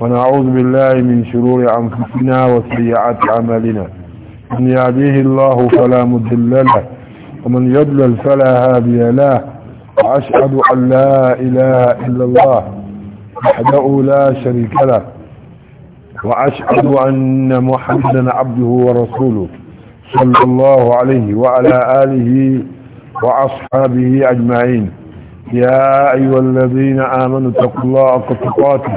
ونعوذ بالله من شرور أنفسنا وسيئات عملنا من يهديه الله فلا مضل له ومن يضلل فلا هادي له وأشهد أن لا إله إلا الله وحده لا شريك له وأشهد أن محمدا عبده ورسوله صلى الله عليه وعلى آله وأصحابه أجمعين يا أيها الذين آمنوا اتقوا الله حق تقاته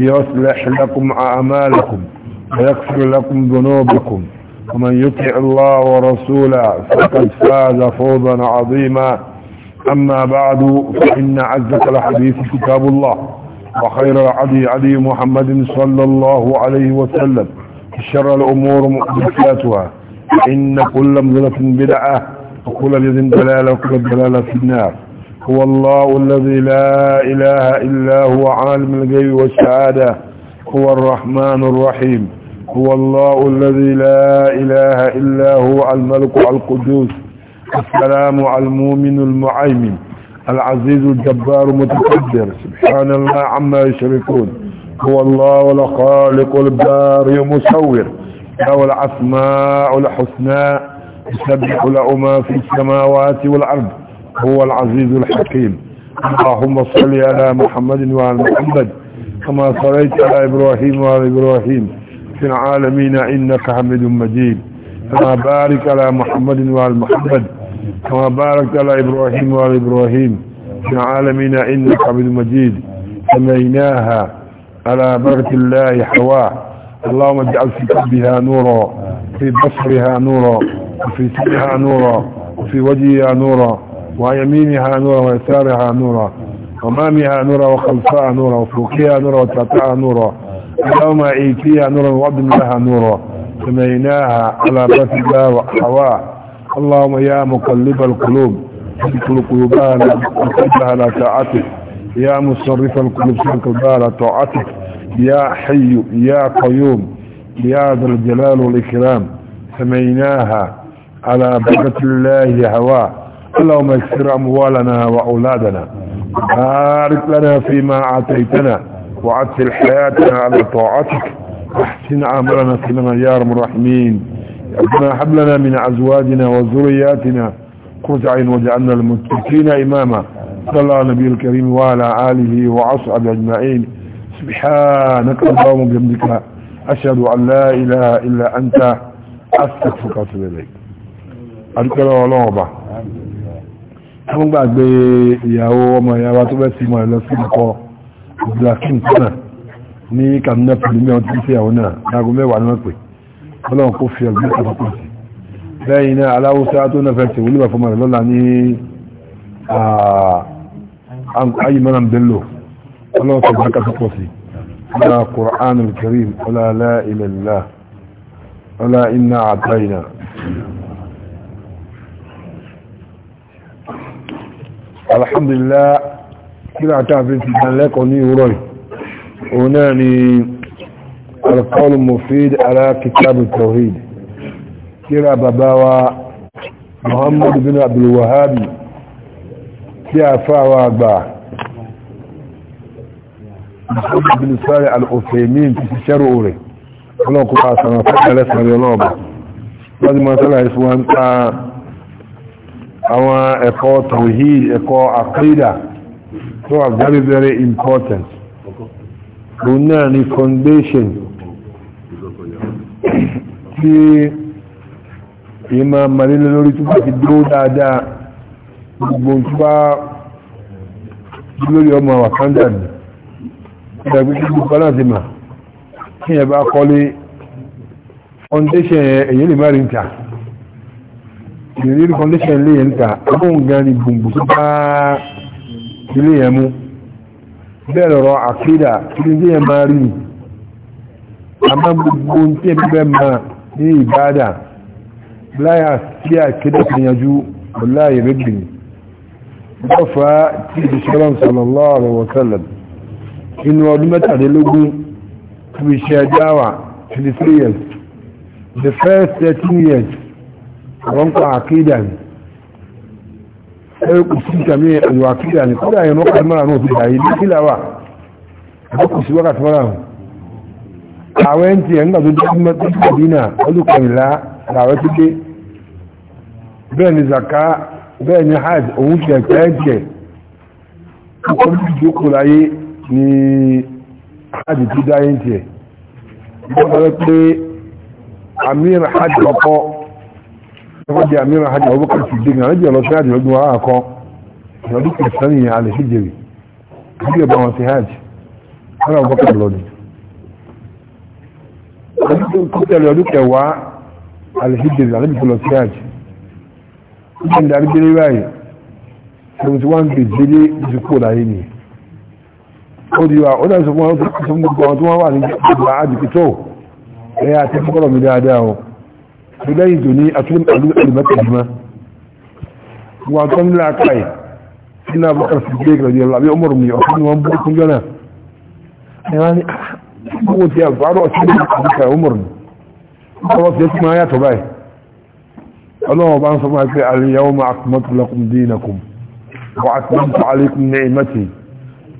يصلح لكم أعمالكم ويغفر لكم ذنوبكم ومن يطع الله ورسوله فقد فاز فوزا عظيما أما بعد فإن عزك الحديث كتاب الله وخير العدي علي محمد صلى الله عليه وسلم شر الأمور مؤدساتها إن كل مذلة بدعة وكل بذن دلالة وكل دلالة في النار هو الله الذي لا إله إلا هو عالم الغيب والشهادة هو الرحمن الرحيم هو الله الذي لا إله إلا هو الملك القدوس السلام على المؤمن المعيمن العزيز الجبار المتكبر سبحان الله عما يشركون هو الله الخالق الباري المصور له الأسماء الحسنى يسبح له ما في السماوات والأرض هو العزيز الحكيم اللهم صل على محمد وعلى محمد كما صليت على إبراهيم وعلى إبراهيم في العالمين إنك حميد مجيد كما بارك على محمد وعلى محمد كما باركت على إبراهيم وعلى إبراهيم في العالمين إنك حميد مجيد سميناها على بركة الله حواء اللهم اجعل في قلبها نورا في بصرها نورا وفي سمعها نورا وفي وجهها نورا ويمينها نورا ويسارها نورا أمامها نورا وخلفها نورا وفوقها نورا وتحتها نورا اللهم ايتيها نورا وابن لها نورا سميناها على بث الله وحواء اللهم يا مقلب القلوب تدخل قلوبها وتدخلها على طاعتك يا مصرف القلوب سنك على طاعتك يا حي يا قيوم يا ذا الجلال والإكرام سميناها على بث الله هواه اللهم اكثر أموالنا وأولادنا بارك لنا فيما أعطيتنا وعدل حياتنا على طاعتك احسن عملنا فيما يا رب الرحمين ربنا هب لنا من أزواجنا وذرياتنا قرة عين وجعلنا المتقين إماما صلى الله على النبي الكريم وعلى آله وعصب أجمعين سبحانك اللهم وبحمدك أشهد أن لا إله إلا أنت أستغفرك وأتوب إليك أذكر الله wọ́n gbàgbé ìyàwó ọmọ ìyàwó tó bẹ́ sí mọ̀ lọ sí ìkọ́ ìbìlàkín náà ní kàmínà pẹ̀lú mẹ́wọ́n tí sí ìyàwó náà láago mẹ́wàá náà pè ọlọ́run kó fi ọ̀gbẹ́ àpapọ̀ sí lẹ́yìn náà aláwọ́sá tó náà fẹ́ sí olúwa fọmọ rẹ̀ lọ́la ní ayimọ́nà bello ọlọ́run tó gbáka tó pọ̀ sí ọlá Qur'anul Karim ọlá ilẹ̀ ilá ọlá iná àtàyìnà alhamdulillah kíra tààfin ti dán lẹ́kọ̀ọ́ ní ìwúrọ̀ òun náà ni alqawl mufid ala kitab tawhid kíra bàbá wa muhammad bin abdul wahabi tí a fáwa gbà muhammad bin sari al-ofemin ti ṣiṣẹ́ rò rẹ̀ ọlọ́kùnrin àsànà fún ẹlẹ́sàn wọ́n ti mọ́ sálà ìfúwọ́n tàà àwọn ẹ̀kọ́ tawhid ẹ̀kọ́ aqida tó wà very very important òun náà ni foundation tí ìmọ̀ màlélẹ́ lórí tó bá ti dúró dáadáa gbogbo tó bá lórí ọmọ wakanda ni ìdàgbé tí gbogbo náà ti mà kí ẹ bá kọ́lé foundation ẹ̀yẹ́ lè má rí ń ta ìrírí foundation lè ń ta ọgbọ́n gan ni gbùngbùn tó bá ilé yẹn mú bẹ́ẹ̀ lọ́rọ̀ àkídà kí ní yẹn máa rí àmá gbogbo tí ẹ bẹ́ẹ̀ máa ní ìbádà láyà sí àkídà tó yanjú láyè rẹ́gbìn lọ́fà tí ìṣẹ́lọ́n sallallahu alaihi wa sallam inú ọdún mẹ́tàlélógún tó fi ṣe ẹjáwà 23 years the first 13 years wọ́n kọ́ àkídà ní ẹ̀rọ kù sí ìtàmí ẹ̀rọ àkídà ní kọ́dà ẹ̀rọ kọ́ mọ́ra náà ti dàí ní kílà wà ẹ̀rọ kù sí wákàtí mọ́ra hàn àwọn ẹ̀ǹ tí ẹ̀ ń gbàdó dókítà dínà olùkọ́nìlá làwọn ti dé bẹ́ẹ̀ pé amir hajj ọkọ̀ wọ́n di àmìíràn hajj ọgbọ́n kan fìdí ní àrẹ́jì ọlọ́sí hajj lọ́dún wa àkọ́ ìrọ̀lú kìrìsìtánì yẹn alẹ́ sí jèrè bí ẹ̀bá wọn sí hajj ọ̀rọ̀ ọgbọ́n kan lọ́dún ọdún tó tẹ̀lé ọdún kẹwàá alẹ́ sí jèrè alẹ́ bí lọ sí hajj ó jẹ́ ìdarí délé báyìí seventy one days délé oṣù kúrò láyé ni ó di wa ó dà sọ fún wọn tó wà wà ní gbogbo àjùkító ẹ̀yà àti fọ́kọ̀rọ̀ mi dáadáa o lẹ́yìn tó ní atúlẹ̀ pẹ̀lú ẹ̀lùmẹ́kẹ̀ẹ́mẹ́ wà tó ń láàkàí sínú abúkar sí gbé ìgbàdì ẹ̀lú àbí ọmọrùn ní ọ̀fún wọn bú fún jọ́nà ẹ̀rọ ní kókò tí a bárọ̀ sí ní abúkar ọmọrùn ọwọ́ tí ó ti máa yàtọ̀ báyìí ọlọ́wọ́ bá ń sọ máa pé aliyahu ma akumatu lakum dinakum wa akumatu alaikum ni'imati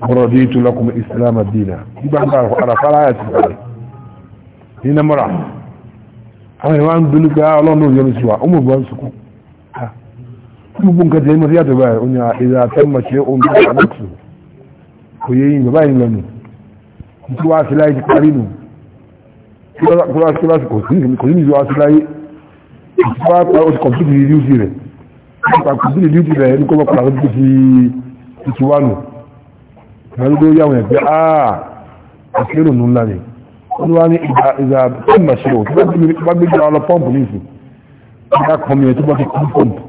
raditu lakum islam dina nígbà ń bá àràfárá yàtọ̀ báyìí ní namara àwọn ìwà ń dúnú pé ah, ọlọ́run ló yọrí sí wa ọmọ ìbọn sùkú gbogbo nǹkan tẹ̀lé mọ́tí yàtọ̀ báyìí oní ah, ìlà tẹ́mọ̀ ṣe ohun tó wà lọ́tù kò yé yín bàbá yín lọ́nu tí wàá sí láyé ti parí nù kí wàá sí láti kò sí ìlú wàá sí láyé tí wàá pa oṣù kọ̀m̀pútì ní díútì rẹ̀ nípa kọ̀m̀pútì ní díútì rẹ̀ ní kọ́ bọ́kọ̀ àwọn tó ti ti wà nù ìgbàlódé ó yàwọn ẹ̀ pé ah àti èrò nù ńlá ni olúwa ní ìgbà pọ́ǹpù ṣe ò tó bá gbégbé ọlọ pọ́ǹpù ní ìsìn ìgbà kan yẹn tó bá fi kún pọ́ǹpù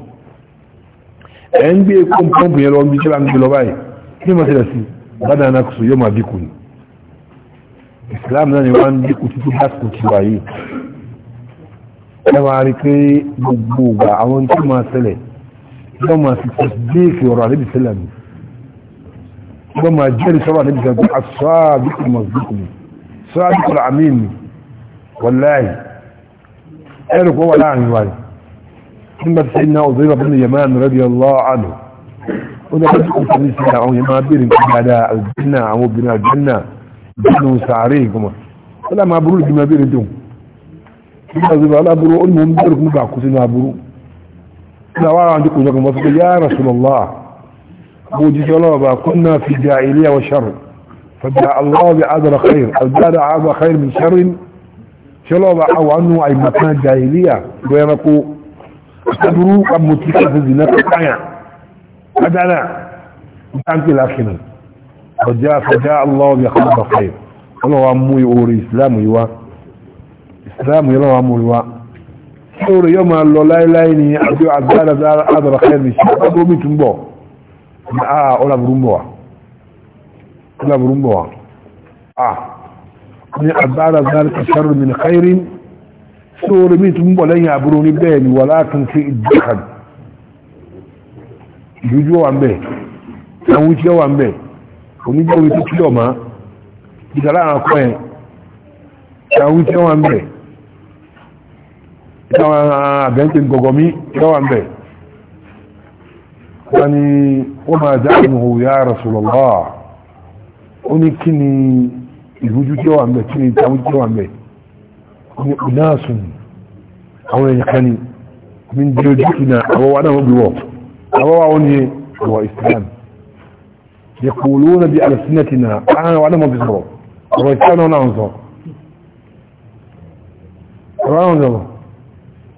ẹ̀ ń gbé kún pọ́ǹpù yẹn lọ bí ṣe ń gbé lọ báyìí kí mo sí bàdà náà kò yóò máa dínkù ni Islam náà ni wọ́n ń dínkù títí lásìkò tí wà yìí ẹ máa rí pé gbogbo ìgbà àwọn tó máa ṣẹlẹ̀ yóò máa fi kọ́ dé ìfì ọ̀rọ̀ àlébi sẹ́lẹ̀ mi yóò máa jẹ́rìí sọ́rọ̀ àlébi sẹ́lẹ̀ mi صادق العميل والله قالوا هو لا الوالي ثم سيدنا وزير بن يمان رضي الله عنه وده بدكم تنسينا عن يمان بيرن كبادا الجنة عمو بنا الجنة جنة وسعريه كما فلا ما برو لك لكم بيرن دوم لا برو المهم مبع بعكو ما برو لا وارا عندكم لكم وصف يا رسول الله أبو جيس الله كنا في جائلية وشر فدع الله بأدر خير الجارة عاب خير من شر شلو بأو عنه أي مكان جاهلية ويمكو تدرو أم متلكة في الزناك الآية أدعنا أنت الأخيرا فجاء فجاء الله بأخير خير الله أمو يقول إسلام يوا إسلام يلو أمو يوا سور يوم الله لا إلهي أدعو الجارة عاب خير من شر أدرو من تنبو آه أولا برمبوه كلاب رمبوا آه من أبعد ذلك شر من خير سوري ميت مبوا لن يعبروني بيني ولكن في الدخل جوجو عن بيه سنويت يو عن بيه ونجو يتكلو ما ìdàlá àwọn akọ́ ẹ̀ ṣàwọn tí wọ́n ń bẹ̀ ìtàwọn àbẹ́ntẹ̀ gọgọmí wọ́n ń bẹ̀ wọ́n ni wọ́n máa ó ní kí ni ìrújú tí ó wà mẹ́ kí ni ìtawú tí ó wà mẹ́ ó ní ìnáàsùn àwọn èèyàn kan ni mi ń di ojú ìnà àwọn wa náà wọ́n bí wọ̀ àwọn wa wọ́n ní ìwà islam yaquluna bi alsinatina àwọn wa náà wọ́n bí sọ̀rọ̀ ọ̀rọ̀ ìtàn náà ń sọ ọ̀rọ̀ àwọn ọ̀rọ̀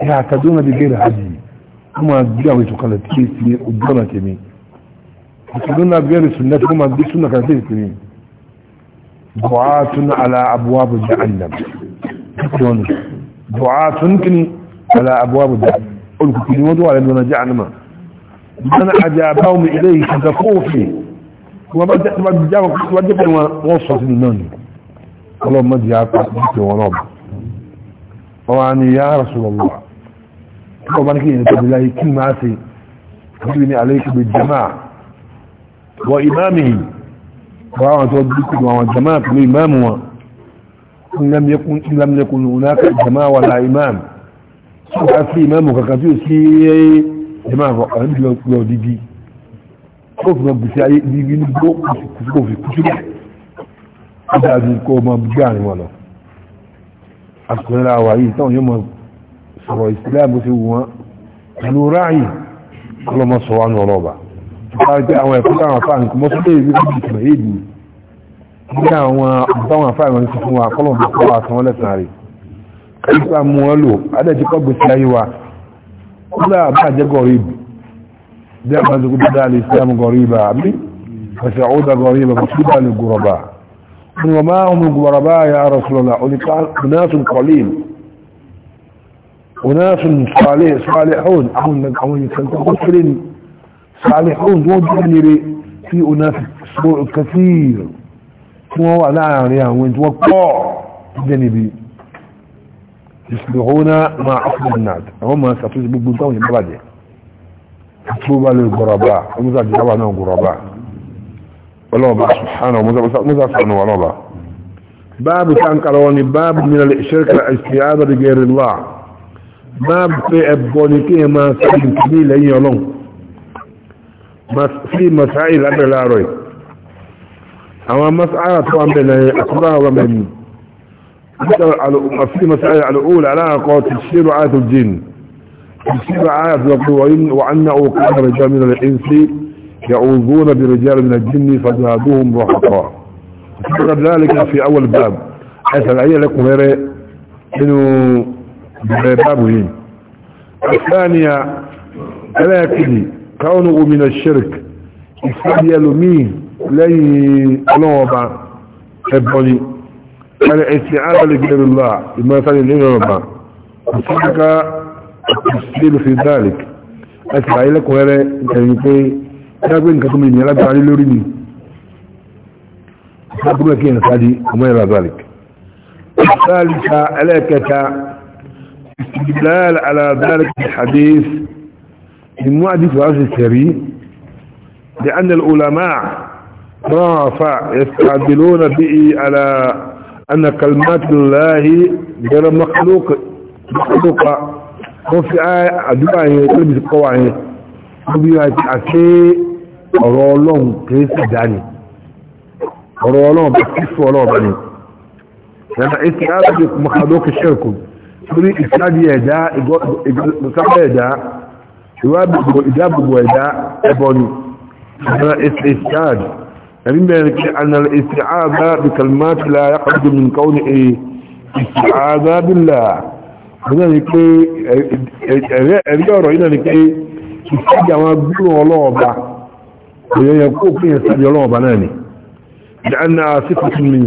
ìhà àtàdúnà bí gẹ́rẹ̀ àjì wọ́n máa gbé àwọn ètò kalẹ̀ tí kì í sí ojú ọ̀nà tèmi àtàdúnà bí gẹ́rẹ̀ sùn náà tí wọ́n máa gbé súnà kalẹ̀ tí kì í sí du'atun ala abwab jahannam don du'atun kini ala abwab jahannam ul kini wadu ala dun jahannam man ajabahum ilayhi kadafufi wa bada jawa wajibun wa wasat linan Allah ma diya ka ti wona ba wa ni ya rasulullah ko ban ki ni tabilahi kin ma sai ni alayka bil jamaa wa imamihi وعوان توديكم وعوان جماعة الإمام وعوان إن لم يكن إن لم يكن هناك جماعة ولا إمام سوى في إمامك كثير سي جماعة عند لو دي دي كوف رب سي دي دي نبو كوف كوف هذا دي كو ما بجاني ولا أقول لا وعي تو يوم سوى الإسلام وسوى قالوا راعي كل ما سوى عنه ربع ìpàdé àwọn ẹ̀kọ́ táwọn afáàní kò mọ́sọ́lé ìwé ìbí ìtìmọ̀ èdè ní àwọn àbáwọn afáàní wọn ti fún wa kọ́lọ̀ bí kọ́lọ̀ àtàwọn lẹ́sàn rẹ̀ ìpà mú wọn lò adẹ́jì kọ́ gbèsè ayé wa kúlẹ̀ àbá jẹ́ gọ̀rìbì bí a máa ń gbé dáa lè sí àmú wọ́n máa ń sọ́lẹ̀ sọ́lẹ̀ àwọn ìkàntàn kọ́sílẹ̀ ni صالحون وجنري في أناس سوء كثير هو لا وين وانت وقع جنبي يصلحون مع أصل الناس هم سأتوز ببنتهم يبادي تطلب للغرباء ومزا جلبا نوع غرباء والله بقى سبحانه ومزا سبحانه والله باب كان قالوني باب من الشرك الاستعاذة لغير الله باب في أبوني كيما سبب كبير لأي يولون في مسائل أبي لا روي أما مسألة طبعا بين أقراها ومن في مسألة الأولى على قوة تفسير آية الجن تفسير آية وأنه كان رجال من الإنس يعوذون برجال من الجن فزادوهم رحقا فقد ذلك في أول باب حيث العية لكم غير إنه بابه الثانية ثلاثة káwọn omina shirk ìfẹ́dí ẹlòmíì lẹ́yìn ọlọ́wọ́ba ẹbọni ẹni ẹ̀sìn alẹ́gbẹ̀rẹ̀lá ìmọ̀sáyé lẹ́yìn ọlọ́ba ìsìnká ìsìnlẹ̀ fi dalek ẹ̀sì àìlẹ́kùnrẹ́rẹ́ ìtẹ̀yìn pé dágbé nǹkan tó mìíràn alágbàárí lórí ni ìfẹ́bùrẹ́ kí ẹ̀sádi ọmọ ẹ̀rọ dalek ثالثا الاكتا استدلال على ذلك الحديث المؤدي في هذا الكريم لأن العلماء رافع يستعدلون به على أن كلمات الله غير مخلوق مخلوقة وفي آية أدوائه كلمة القواعي وبيها تعكي رولون كيس داني رولون بكيس ورولون لأن إستعادة مخلوق الشرك تريد إستعادة يدا إستعادة يدا ìdáàbòbò ẹ̀dá ẹbọ ni ìsìnkáàd ẹ̀rí mẹ́rin kí anàlẹ̀ ìsìnkáàdá bí kalmáti la ya kọjú min kọ́ni ìsìnkáàdá bí la ẹ̀rí ọ̀rọ̀ iná ni pé ìsìnkáàdì àwọn gbúrùn ọlọ́ọ̀ba òyìnyẹn kó pín ni لأنها صفة من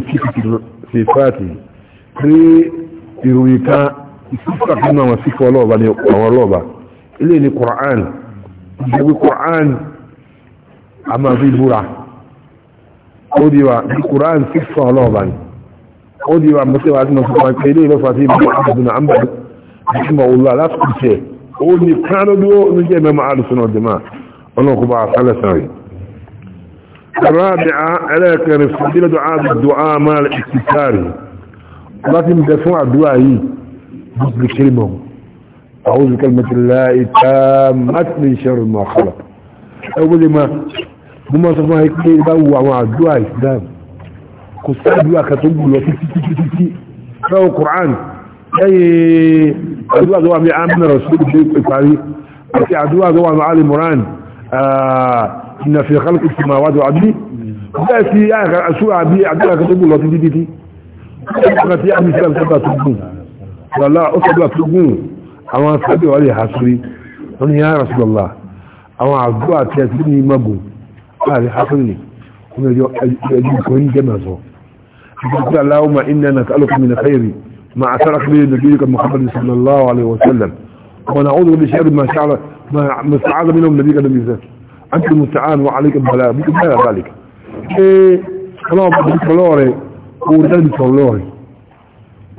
ilé ni Qur'an ìgbé Qur'an a máa fi búra ó di wa bí Qur'an sí fún ọlọ́ọ̀bá ni ó di wa mọ́sí wa sínú fún wa pé ilé ìlọ́fà sí ìbí àbùnà àmbàdì àti mọ̀wúlò aláàfin tẹ̀ ó ní kánú dúró ní jẹ́ mẹ́mọ́ alùsùn ọ̀dẹ̀mà ọlọ́kùnbà sálẹ̀ sáré الرابعة ألاك فضيلة عاد الدعاء أعوذ بكلمة الله تامة من شر ما خلق أول ما هما صفوا هيك يبوا مع الدعاء الإسلام كسر دعاء كتب له فهو قرآن أي الدعاء دعاء بعام رسول الله إفعالي أتي الدعاء دعاء مع المران إن في خلق السماوات لا في آخر أسوء عبدي الدعاء في له تتتتي أتي عبد السلام سبا تبقون والله أصبح في أما صديق علي حصري قل يا رسول الله أما عبدو أتيت مني مبو قال حصري قل يجيب كوين جمازو قلت اللهم إنا نتألك من خير ما أثر أخبر نبيك محمد صلى الله عليه وسلم ونعوذ بشير ما شعر ما استعاذ منهم نبيك لم يزال أنت المستعان وعليك بلا بك بلا ذلك خلاص بدي صلوري ورجال بصلوري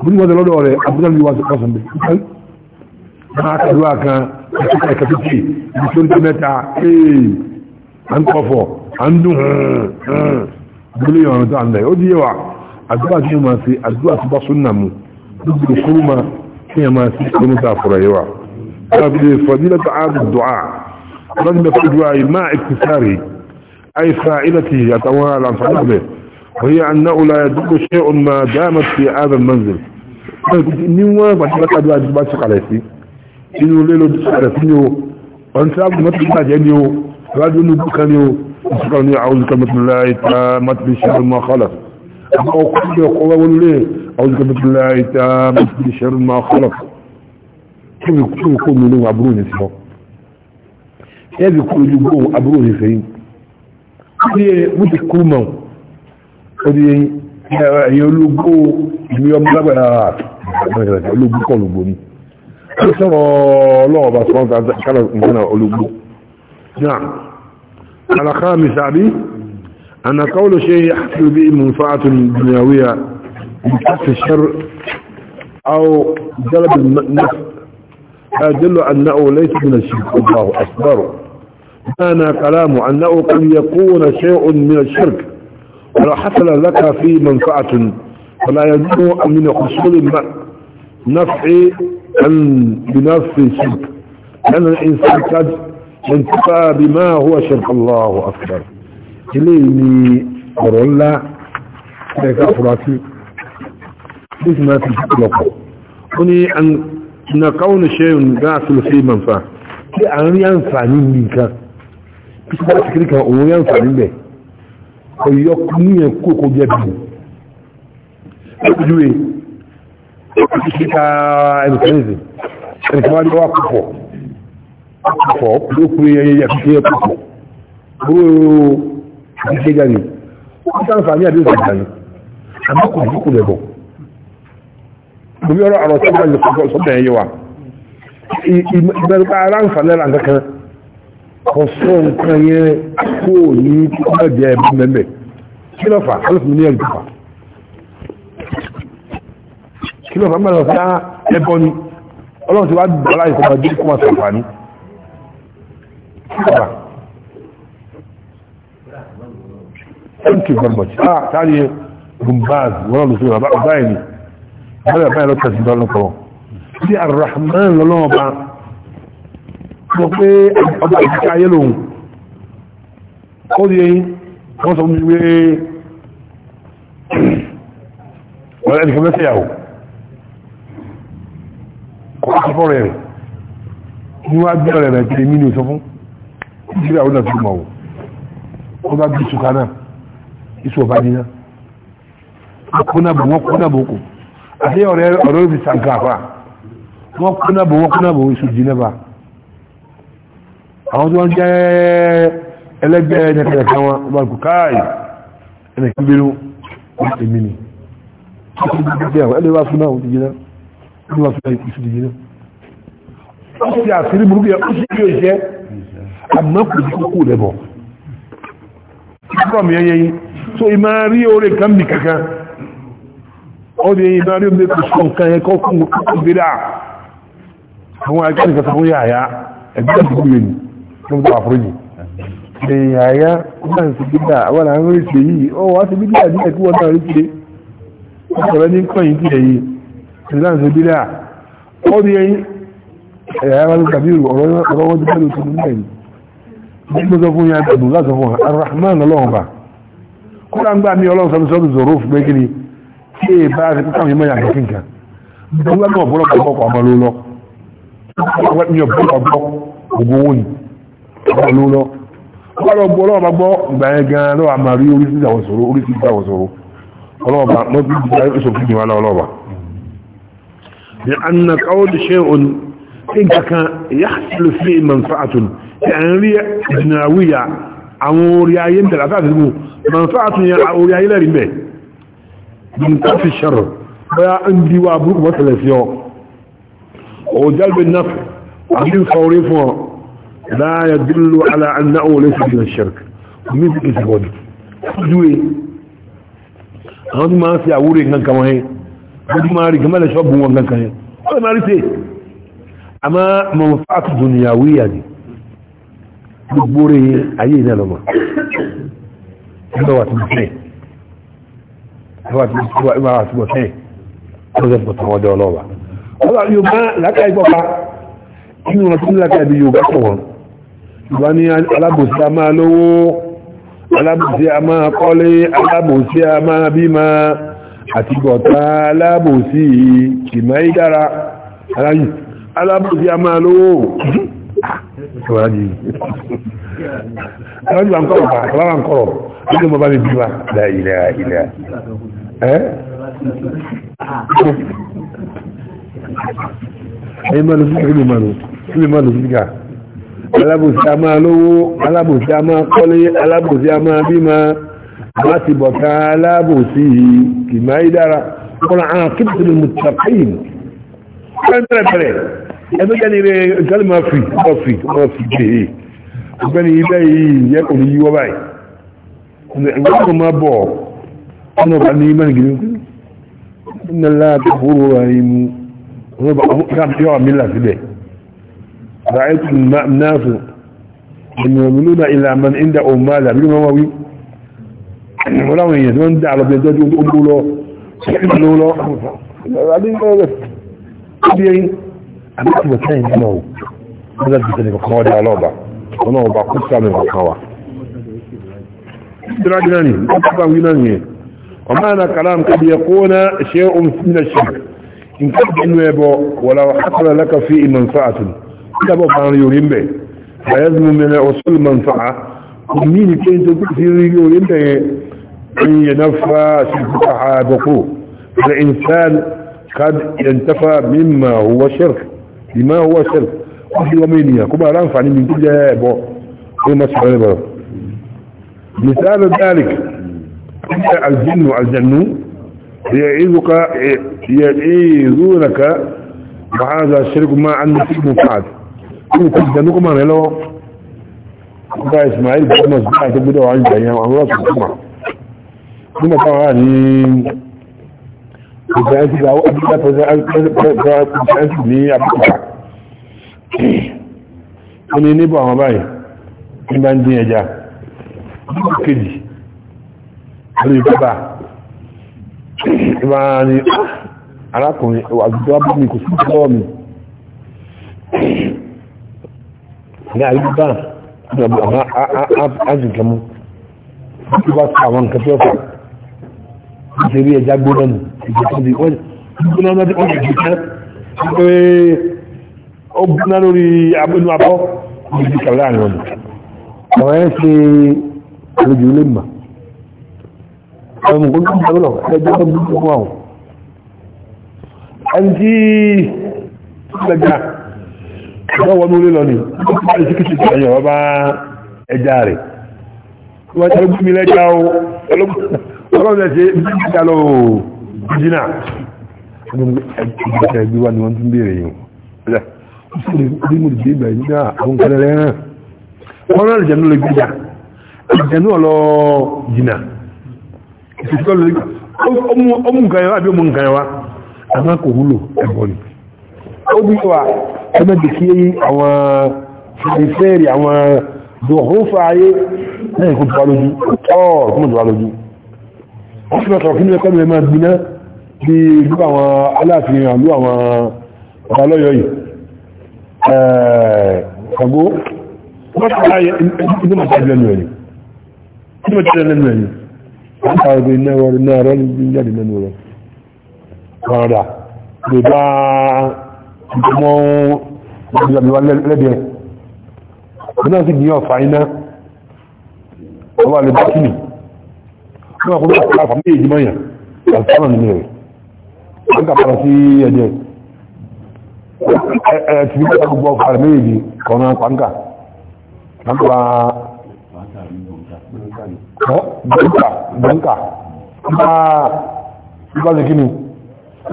بدي ودلوري أبدا بيواسي قسم بي máa kàdúrà kan àtúkà ìkàtúkì nítorí tó mẹ́ta ee à ń kọfọ̀ à ń dùn gbólé ọ̀rọ̀ tó à ń bẹ̀ ó di yẹwà àdúrà tí yẹn máa fi àdúrà tó bá súnà mu gbogbo kúrú ma tí yẹn máa fi kúrú tó àfọ̀rọ̀ yẹwà. فضيلة عاد الدعاء رجل في الدعاء مع اكتساره أي فائلته يتوالى عن صلاحه وهي أنه لا يدل شيء ما دامت في هذا المنزل ni wọ́n bàtí bàtí àdúrà bá ṣe kàlẹ̀ sí inú lélo rẹ̀ fún ni o ọ̀n tí a bù mọ́tò ìbàjẹ́ ni o rájú ní bùkà ni o ìsúkà ní àwọn òzùkà mẹ́tìlá ìta mọ́tìlá ìṣẹ́rù máa kọ́lá àwọn ọkọ̀ ní ọkọ̀ wọ́n lé àwọn òzùkà mẹ́tìlá ìta mọ́tìlá ìṣẹ́rù máa kọ́lá kí ni kó mi lóhun àbúrò ní sọ ẹ ni حسن نعم على خامس عبي ان قول شيء يحصل به منفعة دنيوية من الشر او جلب النفس يدل انه ليس من الشرك الله أكبر كان كلامه انه قد يكون شيء من الشرك ولو حصل لك في منفعة فلا يدل من حصول نفع أن بنفس الشرك لأن الإنسان قد انتفى بما هو شرك الله أكبر إليني أرى الله لك أفراتي بسم في الشرك هني أن نقول شيء قاتل في منفع لأن ينفعني منك بسم الله تكريك أنه ينفعني به ويقني كوكو جبه أجوه kíkà ẹnìkanìzì ẹnìkanìzì wà púpọ̀ púpọ̀ ló pé ẹyẹ àkíkẹ́ púpọ̀ búrò àkíkẹ́ gani wọ́n sáà fàmí àdéhùn ìgbàni àmọ́kùn àkókò lẹ̀bọ̀ mo bí ọ̀rọ̀ àrọ̀ sọ́dọ̀ ẹ̀yẹ púpọ̀ sọ́dọ̀ ẹ̀yẹ wa ìgbẹ̀rùpa ara ń fàlẹ́ ràn kankan ọ̀sọ́ nǹkan yẹn kó ní ọ̀bẹ̀ ẹ̀bí mẹ́mẹ́ kí lọ́fà alùpùpù ní ẹ̀rí púpọ̀ kí ló fà mẹ́rin ọ̀sán ẹbọ ni ọlọ́run ti wá gbọ́ láì kọ́ máa dé kó máa sàǹfààní. thank you very much ah táyé gumbaz wọ́n lọ sí bàbá ọba ẹ̀ ni bàbá ẹ̀ báyìí lọ́kàn sí bá lọ́kọ̀ wọn. bí arahman lọ́lọ́wọ́ bá sọ pé ọba ìdíkà ayé lòun ó di eyín wọ́n sọ mi pé wọ́n ẹnìkan mẹ́sẹ̀ yàwó ọ̀pá sọ fọ́rẹ̀ rẹ̀ ní wá bí ọ̀rẹ̀ rẹ̀ kiri mí ní òsọ fún ìṣẹ́lẹ̀ àwọn ìdàtí mọ̀ ó bá bí ìṣùkà náà ìṣù ọ̀bá níná kúnàbò wọ́n kúnàbò kù àti ọ̀rẹ́ ọ̀rẹ́ fi sàǹkà àfà wọ́n kúnàbò wọ́n kúnàbò ìṣù jìnẹ́bà àwọn tó ń jẹ́ ẹlẹ́gbẹ́ ẹ̀ẹ́dẹ̀kẹ̀kẹ́ wọn bá kù káàì ẹnìkan bínú wọ́n ti mí ni ẹlẹ́wà fún náà ó ti jìnẹ́bà Allah tó yẹ kùsùn yìí náà ó sì àṣírí burúkú yẹn ó sì yóò jẹ́ àmọ́ kò sí kókó rẹ̀ bọ̀ ìfọ̀mù yẹn yẹn so ìmọ̀ rí oore kan bì kankan ó di ìmọ̀ rí oore kò sọ nǹkan yẹn kọ́ fún ìgbéra àwọn akẹ́kọ̀ọ́ nǹkan fún yàyà ẹgbẹ́ ìdúgbò yẹn ni wọ́n tó àforíjì yàyà ó bá ń ṣe gbígbà àwọn àwọn oríṣiríṣi yìí ó wá ṣe gbígbà díẹ̀ kí wọ́n náà rí ṣe ó sọ̀rọ̀ ní kọ́yìn tí yẹ yìí ìlànà ṣe bílẹ̀ ó ní ẹyìn ẹ̀yà ara kàbírù ọ̀rọ̀ wọn ti pẹ́lú tó nílẹ̀ yìí nígbà sọ fún yà tàbí láti fún arahman ọlọ́run bá kó lá ń gbà mí ọlọ́run sọ sọ́dún zòrò fún pé kíni tí è bá ti kúkà mi mọ́ yàtọ̀ kí nǹkan nígbà náà ọ̀pọ̀lọpọ̀ ọ̀pọ̀ ọmọ ló lọ mi ọ̀pọ̀lọpọ̀ ògbó wọn ọmọ ló lọ ọ̀pọ̀lọpọ̀ ọlọ́run gbọ́ ìgbà yẹn gan-an lọ́wọ́ àmàrí orí sí ìdáwọ̀sọ̀rọ̀ orí sí ìdáwọ̀sọ̀rọ̀ ọlọ́run bá lọ́dún ìdáwọ̀sọ̀rọ̀ fún ìgbà ọlọ́run bá لأن قول شيء إنك كان يحصل فيه منفعة يعني لي جناوية عموريا يندل أفعاد المو منفعة عموريا إلى رمي من طرف الشر ويا أندي وابروك وثلاثيو وجلب النفع عمين صوريفه لا يدل على أنه ليس من الشرك ومين ذلك يقول دوي أنا ما سيعوري إنك كما هي wani ma riga mana shabbin wangan kayan wani ma rufe amma manfa'atu duniyawiya ne duk bore ayi na lama ba wata mutai ba wata mutai ba wata mutai ko zan fata wa da walawa wala yau ma laka yi baba inu na tun laka bi yau ga lowo alabusi a ma kọ́lé alabusi a ma bímá àti bọ̀tá alábòsí ìmẹ́ dára alábòsí a máa lówó ẹ̀rọ ìgbà ń kọ̀rọ̀ bá àkàlára ń kọ̀rọ̀ nínú mọ́ bá mi bíwá ilẹ̀ ilẹ̀ ẹ́ ẹ̀yìn mọ́ sí ìgbà ìgbà ìgbà mọ́ lọ sí ìgbà alábòsí a máa láti bọ̀ká aláàbòsí kìmá ìdára kọ́nà àwọn kíbùsùn mùtàkìyìn pẹ́rẹ́pẹ́rẹ́ ẹgbẹ́jẹ́ ni rẹ̀ ìtàlìmọ̀ fi ọ̀fì ọ̀fì gbèé ọgbẹ́ni ilẹ̀ yìí yẹ kò ní yíwọ́ báyìí ìgbẹ́ kò máa bọ̀ ọ̀nà ọ̀bà ní mẹ́rin gidi ní láti fòrò ayé mu ọ̀nà ọ̀bà yọ àmì láti bẹ̀ ràìtù náà sùn ìmọ̀ wọ́n láwọn èèyàn tí wọ́n ń dá àlọ́bẹ̀ tọ́jú ó bú lọ ló lọ adéyìn àbíkú bọ̀ sẹ́yìn náà o wọ́n dá dìtẹ̀ nìkan kọ́ dá ọlọ́ọ̀bà wọn náà ọba kú sáà nìkan kan wa. ìdíláàdì náà ni wọ́n ti pàwí náà nìyẹn ọmọ àná kàlám kàbí ẹ̀kọ́ náà ṣe é ohun sí náà ṣe nǹkan bí inú ẹ bọ ń rí orí ń bẹ̀ tó kú sí rí orí ń bẹ̀ أن ينفى شركها بقوه الإنسان قد ينتفى مما هو شرك بما هو شرك وفي ومينيا كما رنفع من كل جائب يابو مثال ذلك الجن والجنون يعيذك يعيذونك وهذا الشرك ما أن فيه مفعد يقول ما نلو قال إسماعيل بن مصدع تقول عنك يا الله سبحانه nígbà táwọn wà ní ìgbàyẹ̀sì àwọn abúlé pẹ̀lẹ́sì ní abúlé ó ní níbọ̀ àwọn báyìí ní bá ń dín ẹja nígbà kejì lórí bábà ìbá ní arákùnrin àgbùjọ abúlé kò sí lọ́wọ́ mi ní àríbá àjùkẹ́mú wọ́n ti bá sí àwọn nǹkan tí ó fà nítorí ẹja gbóná nù ìgbàkadì gbóná náà ó sì jùlọ pé ó gbóná lórí abẹ́nu abọ́ níbi kàwé àrùn ọ̀nà àwọn ẹ̀ ṣe àlejò lè mà àwọn ọmọ ogun ìgbà lọ ẹjọ́ tó gbé fún àwọn ẹni tí gbẹgbà ìjọwọ́ ní orí lọ ni ó ti bá ìsíkìsì ìjọyọ̀ ọba ẹja rẹ̀ wọ́n ti gbé mi lẹ́jà o ẹlọ́gbọ̀n ọlọ́run ẹ̀ṣẹ́ ìdíjàlọ́ ìdínà ìgbẹ̀ta ẹgbẹ́ wa ni wọ́n tún bèèrè yìí ìgbẹ̀mù ìdí ìgbà yìí náà àwọn kẹrẹrẹ náà wọ́n rán ìjẹ̀nú lè gbíjà ìjẹ̀nú ọ̀lọ́ jìnà ọmú nǹkan yẹn wá àbí ọmú nǹkan yẹn wá àmọ́ kò wúlò ẹ̀bọ̀ ni ó bí wà ẹgbẹ́ kí àwọn ọ́sùnà sọ̀rọ̀ kínú ẹkọ́ mẹ́mà gbiná bí ìlú àwọn aláàfihàn àlú àwọn ọ̀tàlọ́yọ̀ yìí ṣàgbó wọ́n náà sí gbìyànfà iná ọwà lè bá kìnnì náà kò ní àti àfà méjì mọ́ yàn àtàrà nínú rẹ̀ wọ́n kà padà sí ẹ̀jẹ̀ ẹ̀ ti gbé gbogbo ọkọ̀ rẹ̀ méjì kan náà pàǹkà pàǹkà bọ̀ǹkà bọ̀ǹkà bá bá ṣe kíni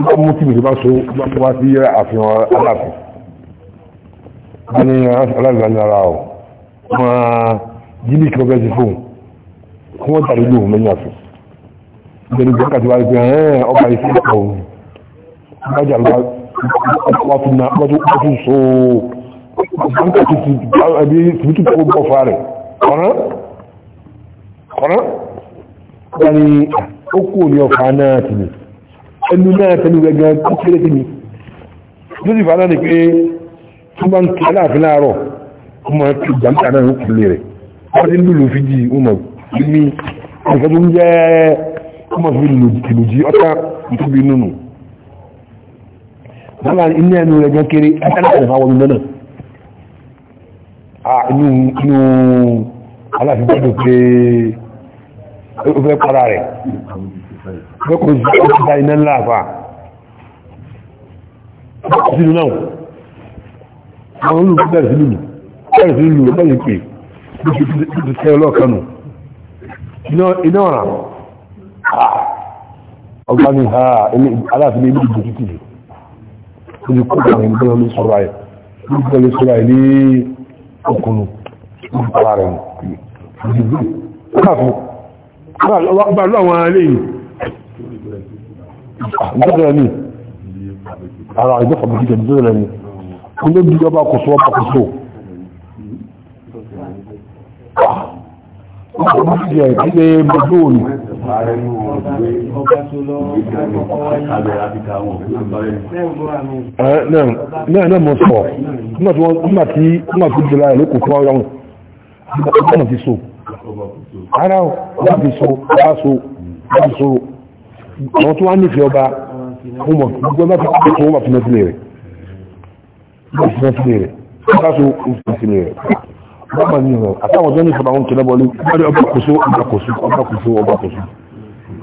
bá mú tí mi bá so bá mú wá sí àfihàn aláàfin bá ní aláàfin ní ara ọ̀ máa jí ní kí wọ́n fẹ́ sí fóun kí wọ́n dàrí lóhùn lẹ́yìn àfihàn ìjẹni gbọ́nkà ti wá rí pé ẹ̀ẹ́ ọba ìfẹ́ ọ̀pọ̀ òun ìgbàjà lọ́wọ́ tún náà wọ́n tún so gbọ́nkà ti ti ẹbí tìbítù tó gbọ́ fa rẹ̀ kọ́nà kọ́nà wọ́n ni ó kú ní ọ̀fà náà ti ní ẹnu náà tẹ́lú gẹ́gẹ́ tó kéré ti ní lórí ìfà náà ni pé tó bá ń kí aláàfin láàárọ̀ ọmọ ìgbàmta náà ń kúlé rẹ̀ wọ́n ti lùlù fíjì ọmọ ìgbìmí ọ̀fẹ́ tó ń jẹ́ ọmọ fi lòjì ọ̀tá ìtúbi nínú dábàá iná ẹnu rẹ̀ gan kéré aláàfin àwọn ọmọ náà à ah, inú inú aláàfin gbọ́dọ̀ pé ó fẹ́ para rẹ̀ fẹ́ kò sí ọ̀tá iná ńlá àfà sínú náà àwọn olùkọ́ bẹ̀rẹ̀ sí lùlù bẹ̀rẹ̀ sí lùlù bẹ̀rẹ̀ sí pé bí ó ti tẹ́ ọlọ́ọ̀kanù iná ọ̀ràn ọgbà ní ha aláàfin ibi ìgbò títì jù ó ti kó àwọn ìgbẹ́ lọ sọ́ra ẹ̀ ní ìgbẹ́ lọ sọ́ra ẹ̀ ní ọkùnrin ní ìpara rẹ̀ ìdìbò káàfin ọgbà lọ àwọn eléyìí ìjọba ní ara ìjọba bìtìtì ìjọba ní kúndé bí ọba kò sọ ọba kò sọ ọba kò sọ ọba kò sọ náà mọ̀ sọ̀ nígbà tí wọ́n fi jẹ́ láàrín lókùn fún ọ̀rọ̀ ọmọ ti so ara wọ́n fi so wọ́n so wọ́n so wọ́n tó wá nífẹ̀ẹ́ ọba ọmọ gbogbo bá fi kọ́ wọ́n fi mẹ́sílẹ̀ rẹ̀ wọ́n fi mẹ́sílẹ̀ rẹ̀ wọ́n so wọ́n fi mẹ́sílẹ̀ rẹ̀ bábà ní ọ̀rọ̀ àtàwọn ọjọ́ ní ìfọ̀dà wọn kìlẹ̀ bọ́lú ọjọ́ ọba kòsó ọba kòsó ọba kòsó ọba kòsó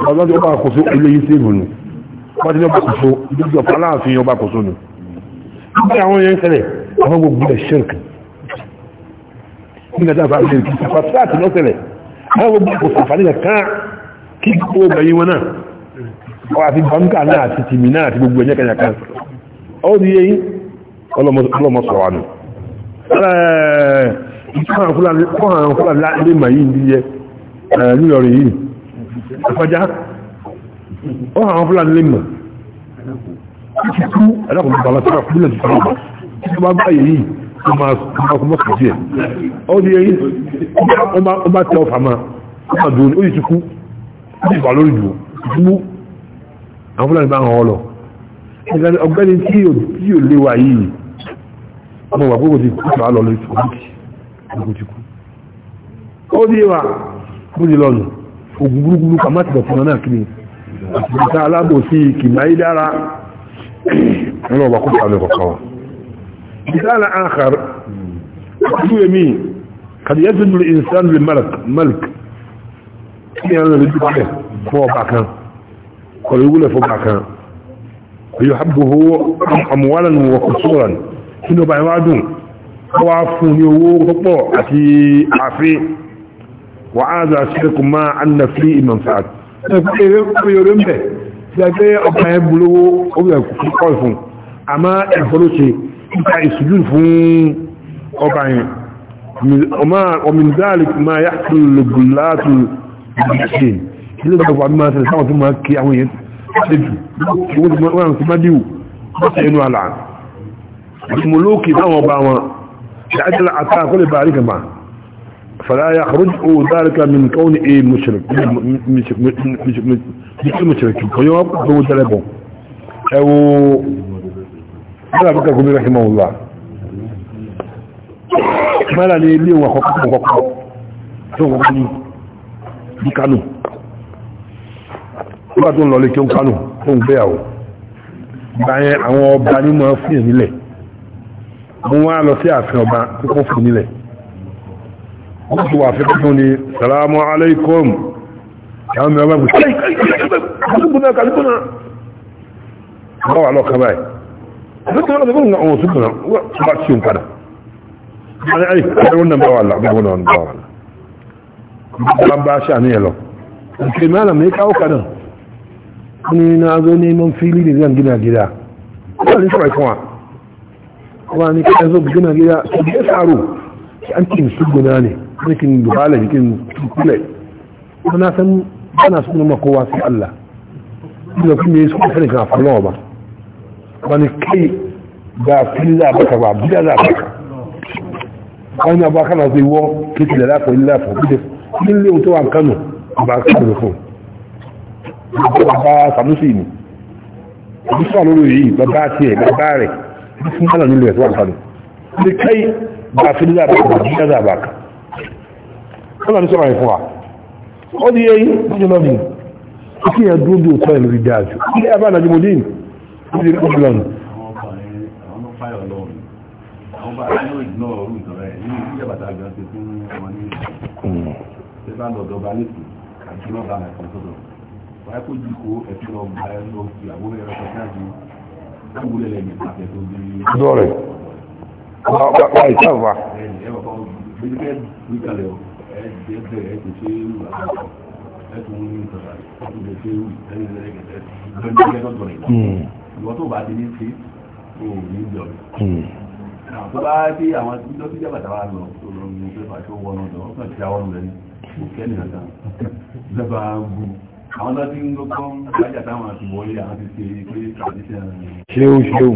ọjọ́ ọba kòsó ilé yìí sí ìbùnú wọ́n ti ní ọba kòsó ìdíjọ ọ̀pá láàfin ọba kòsó nù bí àwọn yẹn ṣẹlẹ̀ àwọn gbogbo ẹ̀ ṣẹ́rìkì nígbà tá a fà á ṣẹ́rìkì fàṣáàtì lọ ṣẹlẹ̀ àwọn gbogbo kòsó àfààní kan kí gbogbo gbẹ̀yìn wọn náà ọ àti gbọǹkà náà àti tìmì náà àti gbogbo ẹ̀yẹ kẹyà kan ó di kọ́hàn fúlà lè mà yìí ní yẹ nílọ̀rọ̀ yìí àfájá ọ̀hàn fúlà lè mà kí kú alákùnrin bàbá sára fúlà ti fara bà kí tó bá báyìí yìí tó máa kọmọ́ kàjí ẹ̀ ó di yẹn ó bá tẹ́ ọfà ma ó bá dùn ó yìí ti kú ó ti bà lórí dùn ìtumú àwọn fúlà bá hàn ọ lọ ọgbẹ́ni tí yóò àkùtìkù ó dí wà ó dí lọ́nà ogun burúkú kà má ti bọ̀ fún ọ náà kiri àti ìta alábòsí kìmáyé dára ọlọ́ọ̀bà kó pàmì kọ̀kọ́ wa مثال آخر هو يمين قد يجد الإنسان بالملك ملك يعني أنا بدي كده فوق عكان قال يقول فوق عكان ويحبه أموالا وقصورا إنه بعوادون wá fún ní owó púpọ̀ àti àfi wà á zà ṣírkù máa anna fi ìmọ̀fàt ẹgbẹ́ ọkà ẹgbùlówó obìnrin kọ́ fún àmá ẹ̀fọ́lóṣe nípa ìṣújú fún ọba yẹn ومن ذلك ما يحصل للجلات المسكين كل ده بعد ما تسمعوا ثم هكي عوين يقول لأجل عطاء كل بارك معه فلا يخرج ذلك من كون ايه مشرك مش مشرك فيوم هو تلبون او لا بك كبير رحمه الله ما لا لي وخوف وخوف توقني بكانو وقت لو لك كانو كون بيعو بعين àwọn ọba ní mọ́ fún mo wá lọ sí ààfin ọba tí kò fún nílẹ̀ wọ́n ti wà fẹ́kọ́ fún ni salamu alaikum àwọn mẹ́wàá bá gbèsè kàlùkùnà kàlùkùnà wọ́n wà lọ kaba yìí wọ́n ti wọ́n lọ sọ́kùnà ọ̀hún sọ́kùnà wọ́n bá tiwọn padà wọ́n ayé ẹ̀rọ nàmbà wà lá bàbá wọn nàmbà wà lá bàbá bá ṣe àníyàn lọ kuma ni kaɗan zo gina gida da ya tsaro ki an kin su guna ne cikin duhala cikin kulai kuma na san bana su nuna kowa sai Allah ina kuma yi su kafin ka falawa ba wani kai ba fili za baka ba gida za baka wani abu kana zai wo kiki da lafa illa fa gida kin le mutuwa Kano ba ka da fo ba sanusi ne Bisa lórí yìí, bàbá tiẹ̀, bàbá rẹ̀, sun hana nilo ya zuwa alfanu da kai ba fi da ba ba jiya za ba ka kọ́nà ní sọ́rọ̀ ìfún wa ó di yẹ́ yìí lọ́jọ́ lọ́dún kí ẹ dúró bí òtọ́ ìlú dájú ilé ẹbá nàjú mo dín ní ìlú ọdún lọ́nà Wáyé kó jù kó ẹ̀tí lọ gba ẹ̀lọ́ ìyàwó ẹ̀rọ kọjá jù dọ́rẹ̀ wà ìtàwà ìwọ́n tó bá ti ní sí òun ní ìjọ̀rẹ̀ tó bá tí àwọn tó tí jẹ́bàtà wà lọ tó lọ ní pẹ́fà tó àwọn tó ti ń ló kán lájà táwọn àti wọlé àwọn ti ṣe pé tradition ṣéwù ṣéwù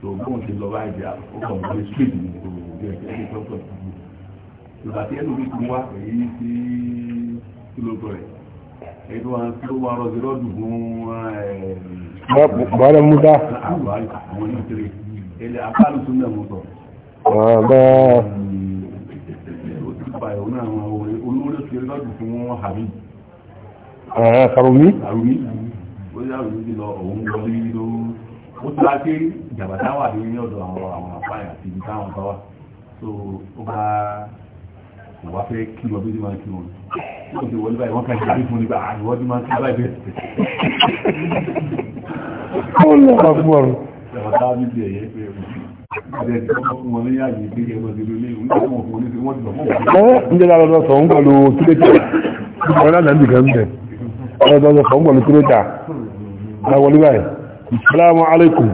tó bóun ti lọ báyìí bíi ó kàn wọlé street ní òwúrọ̀ ẹgbẹ́ ẹgbẹ́ tó pọ̀ sí i ìgbà tí ẹlòmíì tún wá èyí sí kílódọ̀ rẹ̀ èyí tó wá tó wá rọ́ọ̀dì rọ́ọ̀dù fún àwọn ìtìrì ilẹ̀ tún náà mú olórí òṣèré lọ́dù fún Habib àràkàrọ̀wí ó ti wá pé ìjàbàtà wà ní ní ọ̀dọ̀ àwọn àwọn àpáyà àti ibi táwọn bá wà so ó bá kò wá fẹ́ kí wọn bí ó ti máa kí wọn ó ti wọlé báyìí wọ́n kàn sí ìfún nígbà àìwọ́n ah, ti máa kí báyìí bẹ́ẹ̀. ó lọ bá fún ọ̀rọ̀. ìjàbàtà wà níbi ẹ̀yẹ pé ọ̀dẹ̀ tí wọ́n fún wọn ní àyè pé kí ẹ̀mọ́ ti ló léwu nígbà tí wọ́n fún wọn ní ti wọ́n ti lọ fún wọn. ǹjẹ́ lára lọ sọ ń pẹ̀lú kílẹ̀kì ọ̀rẹ́ ọ̀dọ́dọ̀ fọ́n pẹ̀lú kíréta láwọlé báyìí ìsìláàmù aláìkùm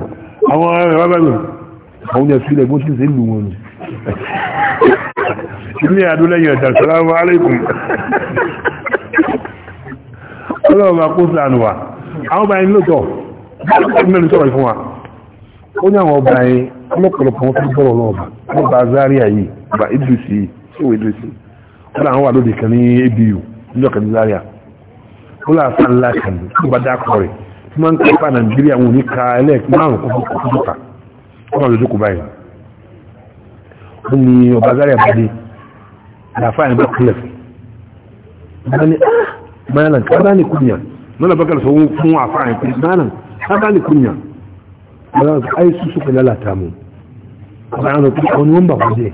àwọn ará rẹ̀ báyìí àwọn oúnjẹ sílẹ̀ bó ti ń sèlú wọn ni ilé adúlẹ́yìn ọ̀tà ìsìláàmù aláìkùm ọlọ́run máa kó sànù wa àwọn ọba yẹn lóòótọ́ mẹ́rin sọ̀rọ̀ fún wa ó ní àwọn ọba yẹn ọlọ́pọ̀lọpọ̀ wọn fi bọ́rọ̀ lọ́ọ̀bà ọba Zaria yìí ọba Idrisi ìwé Idrisi ó láwọn wà lóde kan ní abu ní ọ̀kan ní Zaria fúlàfà ńlá kan tó bá dákọ̀ rẹ̀ tí wọ́n ń kápá nàìjíríà wọn ní ka ẹlẹ́ẹ̀kí márùn-ún kó fún kà wọ́n lójú kò báyìí ó ní ọba zaria bàdé àlàfà yẹn bá kúlẹ̀ bá ní báyìí náà kábà ní kúnyà lọ́nà bá kẹ́lẹ̀ sọ fún àfà yẹn pé báyìí náà kúnyà báyìí ayé súsú pẹ̀lú àlàtà mu báyìí pé ọ ni wọ́n bà wọ́n jẹ́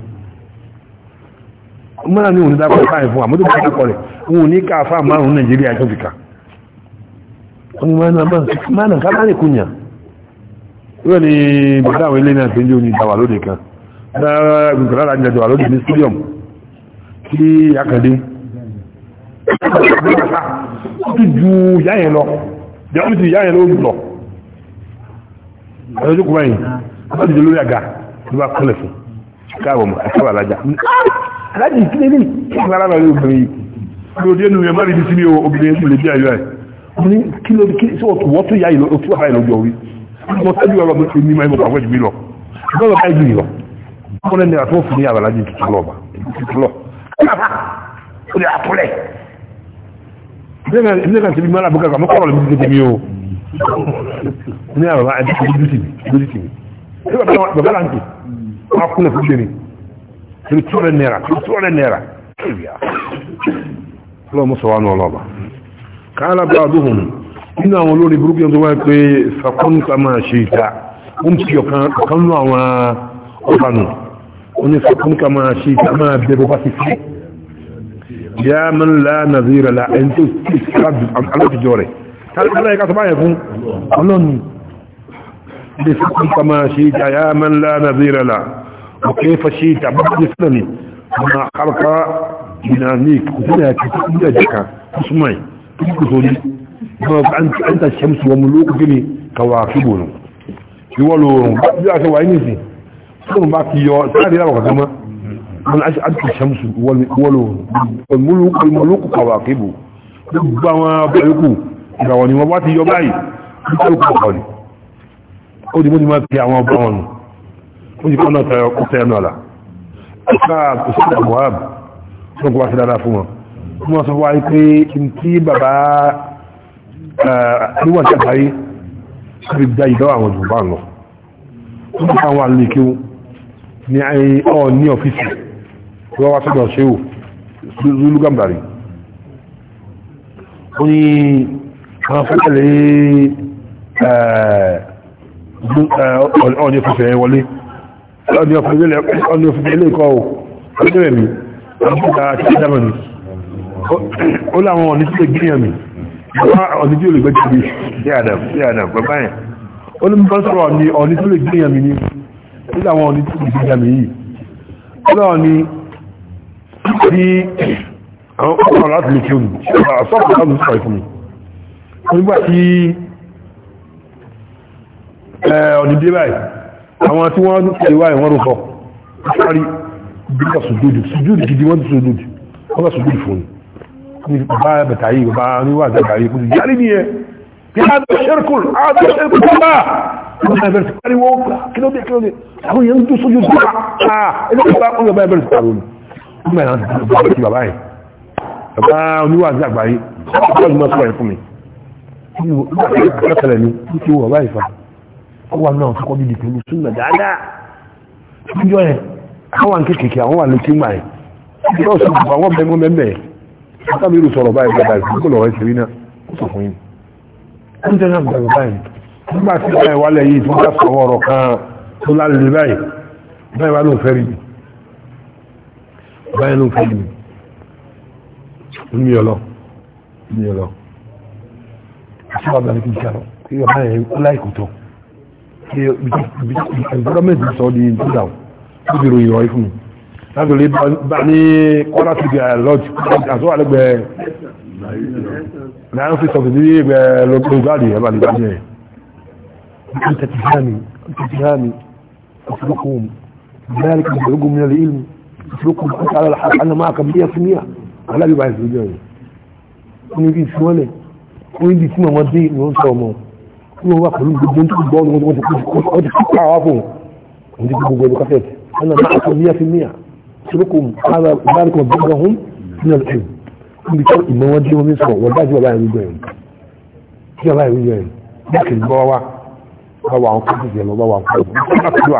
mọ́nà ni òun dákọ̀ fáyẹ̀ fún àmọ́tò bá dákọ̀ rẹ̀ òun ní ká àfà márùn-ún nàìjíríà wọ́n ni máa náà kábàárì kúnyà wọ́n ni ni bàdáwà ilé náà tẹ́jú ní ìdáwà lóde kan dára gbùgbùrá àjẹjọ àlóde ní stadium tí akàdé ó ti ju yáyẹn lọ jẹ́ ó ti yáyẹn ló lọ àjọjọ́ kúrò yìí wọ́n ti jẹ́ lórí àga ló bá kọ́lẹ̀ fún káàbọ̀ àkábà alájà alájì kílélì kí n lára lọ rí obìnrin yìí lóde nù ẹ̀ má rí ibi sí ní obìnrin yìí lè bí àyọ̀ ẹ̀ ní kí ló kí sí wọ́n tó yá ìlò tí wàhálà ìlòjọ orí wọ́n tẹ́jú ọ̀rọ̀ mi ní ìmọ̀ àwọn ìjìbí lọ lọ́rọ̀ ká ìjìbí lọ wọ́n lẹ́nu àti wọ́n fún ní àbàlájì tuntun lọ́ba tuntun lọ ó lè àpọ́lẹ̀ ilé kan tẹ́bí mọ́lá bọ́kà mọ́ kọ́rọ̀ lóbi tẹ́bí o ní àbàbá àti ìdúsì ìdúsì mi ṣé bàbá láǹkì wọ́n á kúnlẹ̀ fún gbẹ̀mí lórí tí wọ́n lẹ́ kààlà bá dùhùn nínú àwọn olórin burúkú yẹn tó wáyé pé fàkọ́nùkà máa ṣe ìta ó ń ti ọ̀kan nú àwọn ọ̀fànù ó ní fàkọ́nùkà máa ṣe ìta máa bẹ bó bá ti fi yá máa ń la nàzírà la ẹni tó ti sábì alájọjọ rẹ̀ tálẹ́ ẹ̀ka tó bá yẹ fún ọlọ́ni ní fàkọ́nùkà máa ṣe ìta yá máa ń كسولي أنت الشمس وملوك جني كواكبون يقولون جاءك وعينيسي سنو باك يو ساري لابا كما أنا أنت الشمس والملوك الملوك كواكب دبما بأيكو ìràwọ̀ ni wọ́n bá ti yọ báyìí nítorúkọ ọ̀kan ni ó di mú ní máa fi àwọn ọba wọn ó ti kọ́nà tẹ́ẹ̀nù àlà ọ̀ká òṣèlú àbúhábù tó kọ́ wá sí dáadáa fún wọn wọ́n sọ wáyé pé tí bàbá níwọ̀n tí àgbáyé rí dá ìdọ́ àwọn jùmbá lọ wọ́n sọ àwọn àlékí ní o ní ọ́fíìsì wọ́n wá sọ́dọ̀ ṣe ò zulu gambari ó ní àwọn fẹ́tẹ̀lẹ̀ ọ̀nà ọ̀fíìsì wọlé ọ̀nà ọ̀fíìsì ilé ẹ̀kọ́ ò ọ̀nà ọ̀fíìsì ilé ẹ̀kọ́ ò ó láwọn ọ̀nà tí ó gbìyàn mi ọ̀nà tí ó lè gbẹ́jì bí sí adam sí adam bàbá yẹn ó ní bá sọ̀rọ̀ ní ọ̀nà tí ó lè gbìyàn mi ní ó láwọn ọ̀nà tí ó lè gbìyàn mi yìí ó láwọn ní bí àwọn ọkọ̀ láti lè kíun sọ́kọ̀ láti sọ̀rọ̀ fún mi nígbà tí ọ̀dìdé báyìí àwọn tí wọ́n tẹ̀lé wáyìí wọ́n rúfọ́ sáré bí wọ́n sùdúdù sùdúdù gidi wọ́n bàbá bàtà yìí bàbá ríwà bàtà yìí kò sì jáde ní ẹ kí á bẹ ṣẹ́rkùl á bẹ ṣẹ́rkùl tó bá kí ló bẹ̀rẹ̀ sí pariwo kí ló dé kí ló dé àwọn èèyàn ń dún sójú sí wa àà ẹni tó bá kúrò bẹ̀rẹ̀ sí pariwo ni ó mẹ́rin láti dúró bá ti bàbá yìí bàbá oníwà sí àgbáyé bàbá ló máa sọ ẹ̀ fún mi ó ṣẹlẹ̀ ní ó ti wọ bàbá yìí fa ó wà náà kọ́ bíi dìpẹ̀lú súnmọ̀ dáadáa níjọ́ yẹn àwọn kékèké àwọn akábírù sọ̀rọ̀ báyìí bàbá ìsìnkú lọ́rọ̀ ìṣèrí náà ó sọ fún yín ó ń jẹ́ náà bàbá báyìí nígbà tí báyìí wálẹ̀ yìí tó bá sọ̀rọ̀ ọ̀rọ̀ kan tó lálẹ́ báyìí báyìí wá ló fẹ́ rí báyìí ló fẹ́ rí mi ọlọ mi ọlọ àti mi kì í sàrọ̀ kí bàbá yẹn ó láìkò tó kí ìgbọ́dọ̀ mẹ́sàn-án sọ di ìdúdà ó ti ròyìn ọ̀rẹ́ láti lè bá ní kọ́lá sí ìgbà lọ́jì àtúwà lẹ́gbẹ̀ẹ́ náà fi sọ̀tún ní ẹgbẹ́ lọ́gbẹ̀ẹ́gbàdì ẹ̀bà lè dájẹ́ ẹ̀ tẹ̀tìhánì tẹ̀tìhánì أتركهم ذلك يخرجهم من العلم أتركهم كنت على الحق أنا معك 100% ولا بيبقى يسجدون wọ́n ní ìsìn wọ́n lẹ̀ wọ́n ní ìsìn àwọn dé ìwọ̀n sọ ọmọ wọ́n wà pẹ̀lú gbogbo tó gbọ́ ọ́n ti kọ́ àwọn fún un wọ́n ti gbogbo ẹ̀dùn kásẹ̀tì wọ́n náà máa tó ní ẹ̀fín mìíràn يتركهم هذا ذلك وبلغهم من العلم هم بيتر إما وجههم يسرع والباقي ولا يوجدهم ولا يوجدهم لكن بوا بوا وقفز يلا بوا وقفز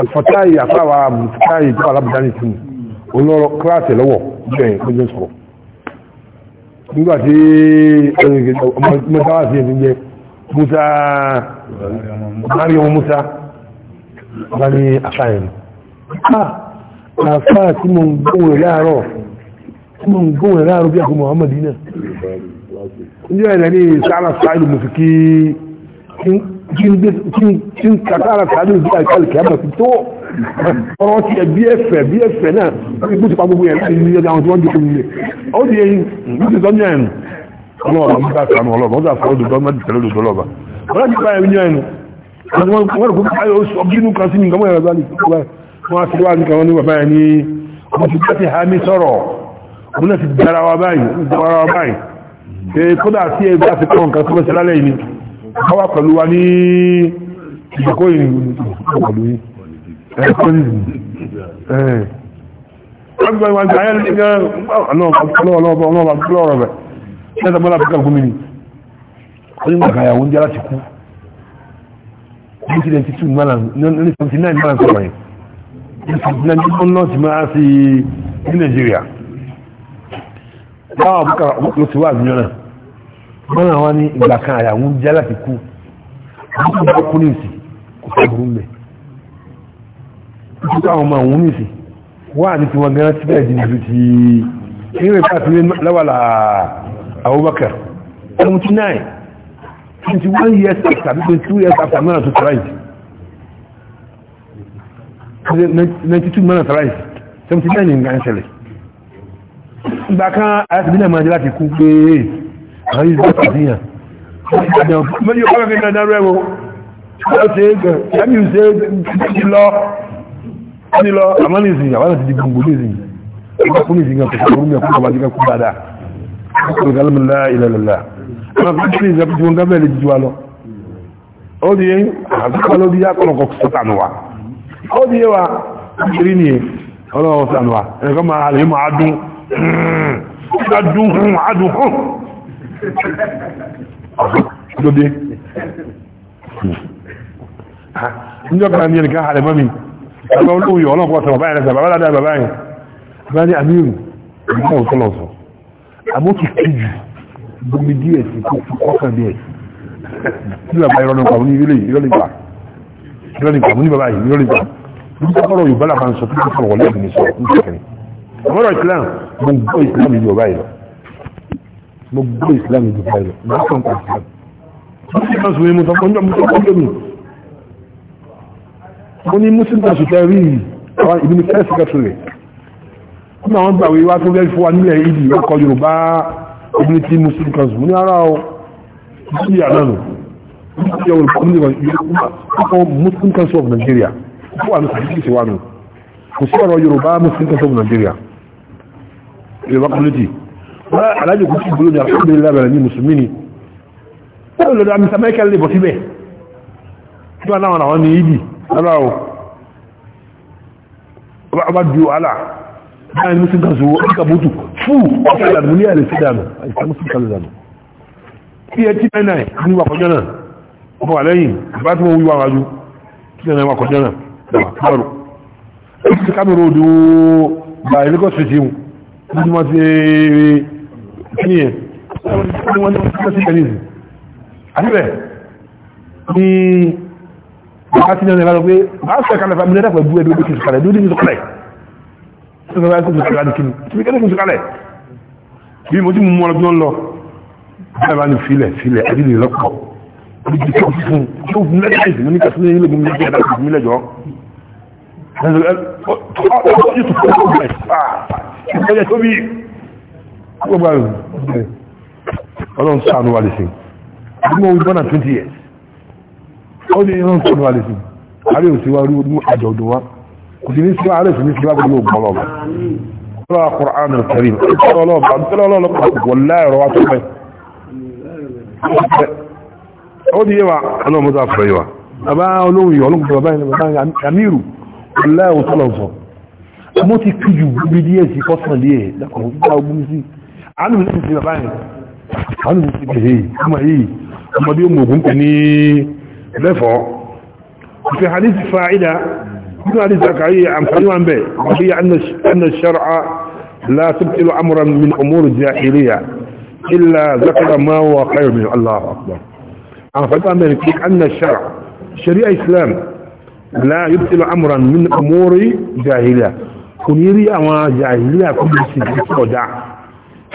الفتاة يعطاها الفتاة يجوا ربداني سنة ولو قرأت لو جاي مجن صرف nígbà tí mọ́sá wà sí ẹ̀sìn jẹ́ Musa Mariam Musa bá ní àṣà ẹ̀rùn àfá tí mo ń gbóhùn rẹ̀ láàárọ̀ tí mo ń gbóhùn rẹ̀ láàárọ̀ bí àkó Muhammad iná níjọ́ ẹ̀rẹ̀ ní sára sáàlù mo fi kí kí n ka sára sáàlù bí àkàlù kí a bọ̀ sí tó ọ̀rọ̀ ti ẹ̀ bí ẹ̀fẹ̀ bí ẹ̀fẹ̀ náà bí kú ti pa gbogbo yẹn láti ní ọjà àwọn tí wọ́n dúró nílé ó di eyín bí ti sọ́nyà ẹ̀nu ọlọ́ọ̀bà bá sàánú ọlọ́ọ̀bà ó dà wọ́n ti wá ní kàwọn níwà báyìí ní ọmọ ti láti hami sọ́rọ̀ wọ́n láti dára wa báyìí pé kódà sí ẹgbẹ́ àti kọ́ nǹkan tó mẹ́sẹ̀ lálẹ́ yìí káwà pẹ̀lú wa ní ìgbàkó ìrìn ìgbàkó ìrìn 1979 mọ́nà sọ̀rọ̀ yìí ìfìdínà ní ọ̀nà ti máa sí ní Nigeria. láwọn àbúkà ló ti wà ní ọ̀nà wọ́n náà wá ní ìgbà kan àyàwó jẹ́ láti kú àwọn ọmọ kú ní ìsì kò fẹ́ burú mẹ́ títí àwọn ọmọ òun ní ìsì wà ní tiwọn gan ti bẹ́ẹ̀ di nìlú ti ìrìn ìfà ti lẹ́wàlà Abubakar 79 21 years after 22 years after mẹ́rin tó tẹ̀ráìtì 92 minutes rice 79 nǹkan ṣẹlẹ̀ ìgbà kan àyàtìbí náà máa jẹ́ láti kú pé àwọn ìgbà pàdíyàn mẹ́jọ kọ́lọ̀ fi dandan rẹ̀ wọ́n ṣe é gan yàmí ṣe é ti lọ ní lọ àmọ́ ní ìsìn àwọn àti dìbò gbòdì ìsìn ìgbà fún ìsìn gan kòkòrò mi ọkùnrin àbájú kan kú dáadáa kòkòrò galmìlá ìlàlàlà àwọn akọ́jú ní ìsìn àbújú wọn gábẹ̀ẹ́lì jíjú wa lọ ó di àgbẹ̀kọ́ ló bí yá kọ́lọ̀kọ́ sọ́tà nù wa ó di yé wa kiri ni ọlọ́wọ́ sànù wa ẹ̀kọ́ máa àlè mọ́ adùn adùn adùn hàn lóde níjọ́ kan ní ẹnìkan àlè mọ́ mi ẹgbẹ́ olóhùn yọ ọlọ́pọ̀ sọ bàbá yẹn sọ bàbá dáadáa bàbá yẹn bá ní àmírù ìgbà òsọ́lọ̀ sọ àmọ́ ti kí jù gbogbo díẹ̀ sí kó kọ́kàn díẹ̀ sí bàbá ìrọ̀nà pàmò ní ilé ìrọ̀lẹ́gbà ìrọ̀lì ìgbà mú ní bàbá yìí ìrọ̀lì ìgbà mú ní kọ́kọ́rọ̀ yorùbá làbá ń sọ tó kọ́kọ́rọ̀ wọlé ẹ̀mí sọ ní kẹrin àmọ́rọ̀ islam mo gbọ́ islam yìí bàbá yìí lọ mo gbọ́ islam yìí bàbá yìí lọ mo kàn kàn islam mo sì máa sùn ní mo sọ fún ọjọ́ mo sọ fún mi mo ní muslim ta sùn tẹ́rí àwọn ìbí ni first secretary kúmọ̀ àwọn gbàwé wa tó fẹ́ fún wa nílẹ̀ ìdí ọkọ̀ yorùbá ìbí ni ti muslim council mo ní ara o sí àná yawon kundin kuma muslim council of nigeria ko a nufin kisi wani ku sauran yoruba muslim council of nigeria yoruba community ba alhaji kuci gudu ne alhamdulillah bala ni musulmi ne ko lọ́dọ̀ amisa michael lebo síbẹ̀ tí wọ́n náwọn àwọn ní ibi aláwọ̀ ọba ju ala báyìí muslim council wọ́n o bótú fún ọ̀sán ìdàmúlẹ̀ àlẹ́sídàmù àìsàn muslim council dànù pft 99 ní wàkọjọ́ náà ọmọ àlẹ́yìn bá tí wọ́n wíwá wájú tí ẹ̀nà ẹwà kọjá náà kámẹ́rù ẹ̀kí kámẹ́rù odò bá ilẹ́kọ̀ sísí wọn ní wọ́n ti kíni ẹ̀ ní wọ́n ti kọ́ sí tẹ́nìsì àbíbẹ̀ ní bá tí ẹ̀nà ẹ̀lá lọ pé bá sọ kalẹ̀ fàmílẹ̀ dàpọ̀ bú ẹ̀dọ́ kìí kalẹ̀ dúdú ní sọkalẹ̀ bí mo ti mú mọ́ lọ bí wọ́n lọ bá ní filẹ̀ filẹ̀ àdínlẹ̀ lọ́pọ̀ ibi tó fún tó fún lẹ́yìn ìsinmi ní kàtúnyẹ ilé mi níbi ẹ̀dá ìsinmi lẹ́jọ́ ọlọ́run sànú wa lè sìn ọdún orí bọ́nà 20 years ó ní ọlọ́run sànú wa lè sìn àárẹ̀ òsì wa rí ní àjọ ọdún wa kò sí ní sí àárẹ̀ òsì ní sí lábẹ́ ní ògbọ́n ọlọ́run ọlọ́run Qur'an al-Karim ọlọ́run ọlọ́run ọlọ́run wọlé ẹ̀rọ wa tó fẹ́ ó di yẹwà kanáà mọ́tò àfẹ́ yẹwà bàbá olóhùn yìí ọlọ́kùn bàbá yìí bàbá amíru ọláyà òtọ́lọ̀ fọ́ mo ti kú ju gbogbo díẹ̀ sí fọ́sàn díẹ̀ dákọ̀ gbogbo ogun sí àánú mi ti bàbá yìí àánú mi ti bẹ̀rẹ̀ yìí ọmọ yìí ọmọdé ọmọ ogun pè ní lẹ́fọ̀ọ́ ìfẹ́ hadith fa'ida nínú hadith àkàrí àǹfààní wa ń bẹ̀ wàbí anna shar'a la tubtilu amran min umur jahiliya illa zakara ma wa khayr min Allahu akbar فقط أمري أن الشرع الشريعة إسلام لا يبطل أمرا من أمور جاهلة كنيري أما جاهلة كل سجل ودع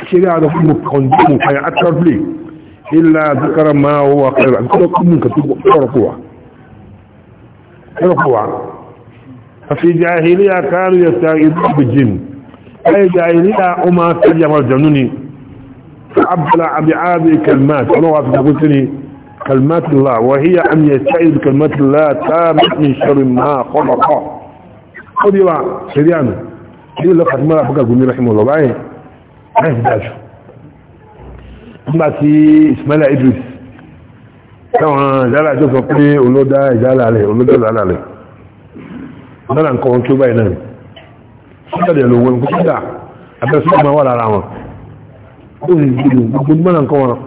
الشريعة كل مكوندم حياة لي إلا ذكر ما هو قرر كل كم كتب قرقوة قرقوة ففي جاهلية كانوا يستعيدون بالجن أي جاهلية أما سيما الجنوني فعبد الله كلمات ولو أفضل قلتني كلمات الله وهي أن يستعيد كلمات الله تامة من شر ما خلق خذي بقى سريعنا سيدي الله قد مرأ فكر رحمه الله بقى عايز داشو أما سي إسماعيل إدريس كما زال عجوز وقلي أولو دا إزال عليه أولو دا إزال عليه أنا أنكون شو بقى نامي سيدي الله وين كنت دا أبدا سيدي ما ولا رعما قولي جدو قلت مانا أنكون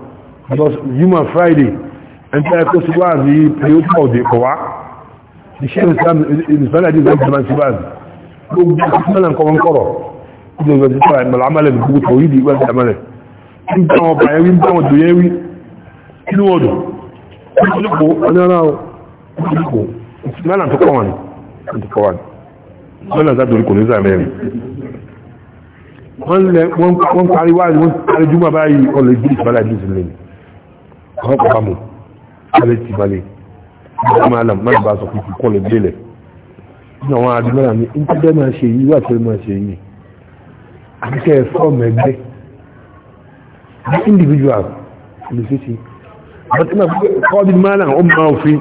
Because Juma Friday ẹni tí a kó sí wáàzí pẹ̀lú tí ọ̀dẹ kọ̀ wá iṣẹ́ ìrìnsánà àti ìgbà ìjọba sí wáàzí gbogbo ìsúnmọ́nà nǹkan wọn kọ̀rọ̀ ìjọba sí wáàzí ìmọ̀lá amálẹ̀ gbogbo tó yìí ìgbà sí amálẹ̀ ń bá wọn bàyẹ̀ wí ń bá wọn dòyẹ̀ wí inú ọdọ̀ ọdọ̀ ọdọ̀ ìsúnmọ́nà tó kọ̀ wọn ni mọ́nà tó dorí kò ní sàmẹ́rin wọ́n parí wáàzí wọ́n parí júmọ̀ báyìí ọ̀lẹ́gbẹ̀ẹ́ ìsúnmọ́nà ìdí ìsúnmọ́nà alẹ́ ti balẹ̀ ọjọ́ máa làm máa bá sọ pé kò kọlẹ̀ délẹ̀ ní àwọn adúmọ́ra mi ń tẹ́jọ́ máa ṣe yìí wà tẹ́lẹ̀ máa ṣe yìí àkẹ́kẹ́ fọ́ọ̀mù ẹgbẹ́ ní individual felicity àwọn tí wọ́n kọ́ bí máa làm ó máa òfin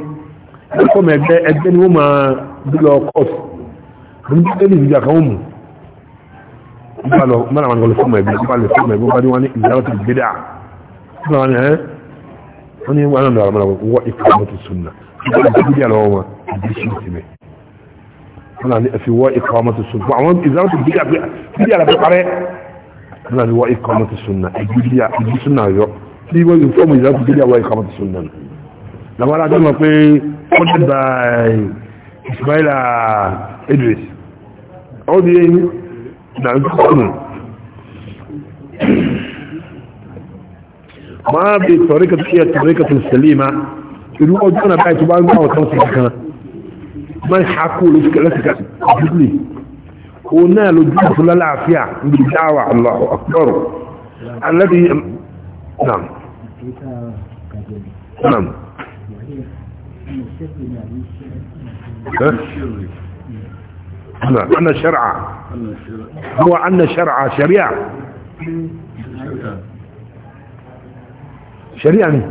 ní fọ́ọ̀mù ẹgbẹ́ ẹgbẹ́ ni wọ́n máa bí lọ kọ́ọ̀tù ní bí individual kan ó mú ìbálò máa làm àwọn fọ́ọ̀mù ẹgbẹ́ ìbálò fọ́ọ̀mù ẹgbẹ́ wọ́n ní wọn náà lọ́wọ́ wọ́n ikọ̀ mọ́tò sunna ṣùgbọ́n ìgbà gidi àlọ́wọ́ wọn ìdí sí ti mẹ́ wọ́n náà ní ẹ̀fí wọ́n ikọ̀ mọ́tò sunna fún àwọn ìzáwọn tó gidi àgbẹ̀ gidi àlàbẹ̀ parẹ́ wọ́n náà ní wọ́n ikọ̀ mọ́tò sunna ìdí sunna yọ bí wọ́n yóò fọ́ọ̀mù ìzáwọn tó gidi àwọn ikọ̀ mọ́tò sunna làwọn alájọ́ mọ̀ pé wọ́n dẹ̀ by eh, Ismail Idris ọ́ bí ẹni náà ń kọ́ ما بطريقة هي الطريقة السليمة يقولوا أنا بعت بعد ما وصلت كنا ما يحكوا لك لك لي قلنا له جوف لا العافية بالدعوة الله أكبر الذي نعم نعم نعم أنا شرعة هو أنا شرعة شريعة شريعة لي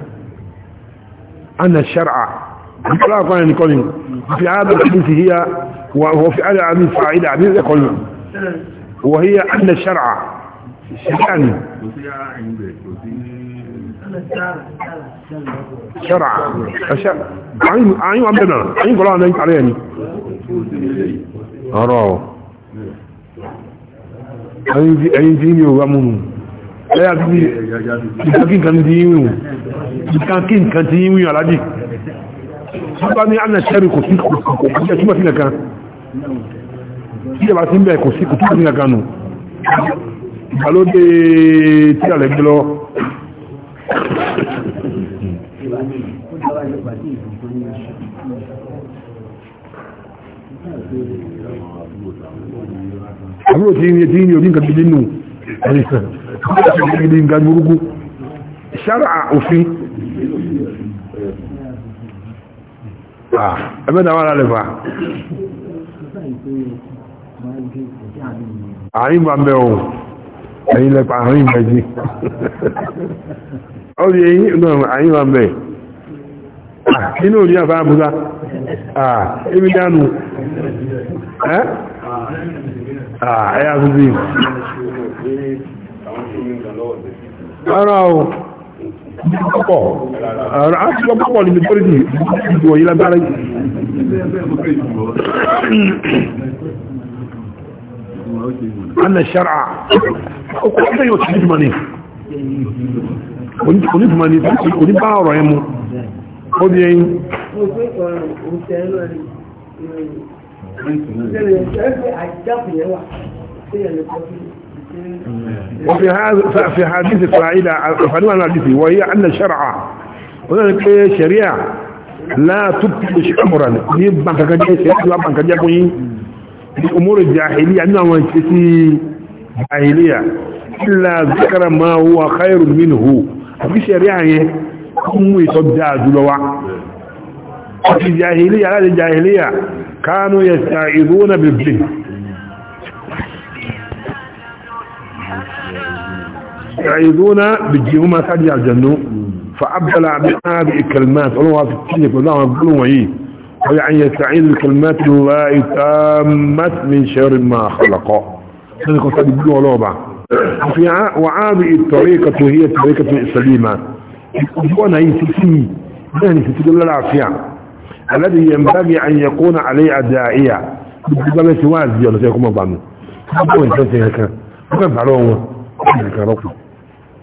أن الشرع لا أقول أن يقول في هذا الحديث هي وهو في هذا عميد فاعدة عميد يقول نعم. وهي أن الشرع شريعة لي شرع الشرع عين عين عبدنا عين قولها أنا ينك عليني أراه أين فيني وغمونه ẹ̀yà bí ìkàkínkan ti yíwìn ìkàkínkan ti yíwìn alájì sábà ní ànà ṣẹ́rì kò sí kòkòkòkòkòkò túnbà sí nìkan tí ìjọba sí ń bẹ̀ kò sí kò túnbà sí nìkan nù ìgbàlódé tí a lè gbé lọ àbúrò tí ní orí nǹkan bí nínú ẹ̀rìsàn ní nǹkan burúkú ṣára òfin ẹgbẹ́ náà wà lálẹ́ fà àárín bá bẹ́ ohun ẹ̀yìn lẹ́pa àárín mẹ́jì ọdí ẹ̀yìn náà àárín bá bẹ́ nínú òní àfá àbúdá àà ibi dánú ẹ́ àà ẹ̀yà tuntun ara o pọ̀ ara á ti lọ pọ̀ níbi pọ́lìtì ìdìbò yìí lágbára ana ṣara ọkọ̀ ọ̀dọ̀ yóò ti jùmọ̀ ni onífùmọ̀ ni oníbá ọ̀rọ̀ ẹmu ó di ẹyin Ìjẹ́rẹ̀ ìjẹ́rẹ̀ àjábìyẹ́wà tí ẹ̀lẹ́kọ́ sí وفي هذا في حديث إسرائيل فنوع الحديث وهي أن الشرع هناك شريعة لا تبتلش أمرا يبقى كجاية شريعة يبقى كجاية الأمور الجاهلية عندنا ما جاهلية إلا ذكر ما هو خير منه في شريعة هم يتبدع دلوع في الجاهلية هذه الجاهلية كانوا يستعيذون بالجن يعيذون بجيهما سجع يعجنوا فأبدل بها بكلمات قالوا في التنك والله قالوا ايه ويعني يستعيذ الكلمات الله تامت من شر ما خلقه هذا كنت أقول له بعض وعابئ الطريقة هي الطريقة السليمة يقولون هي سيسي يعني سيسي تتقول العافية الذي ينبغي أن يكون عليه أدائية بالضبط سواز يلا سيكون مبعنا أبوين تنسي هكذا وكيف علوه هكذا رفض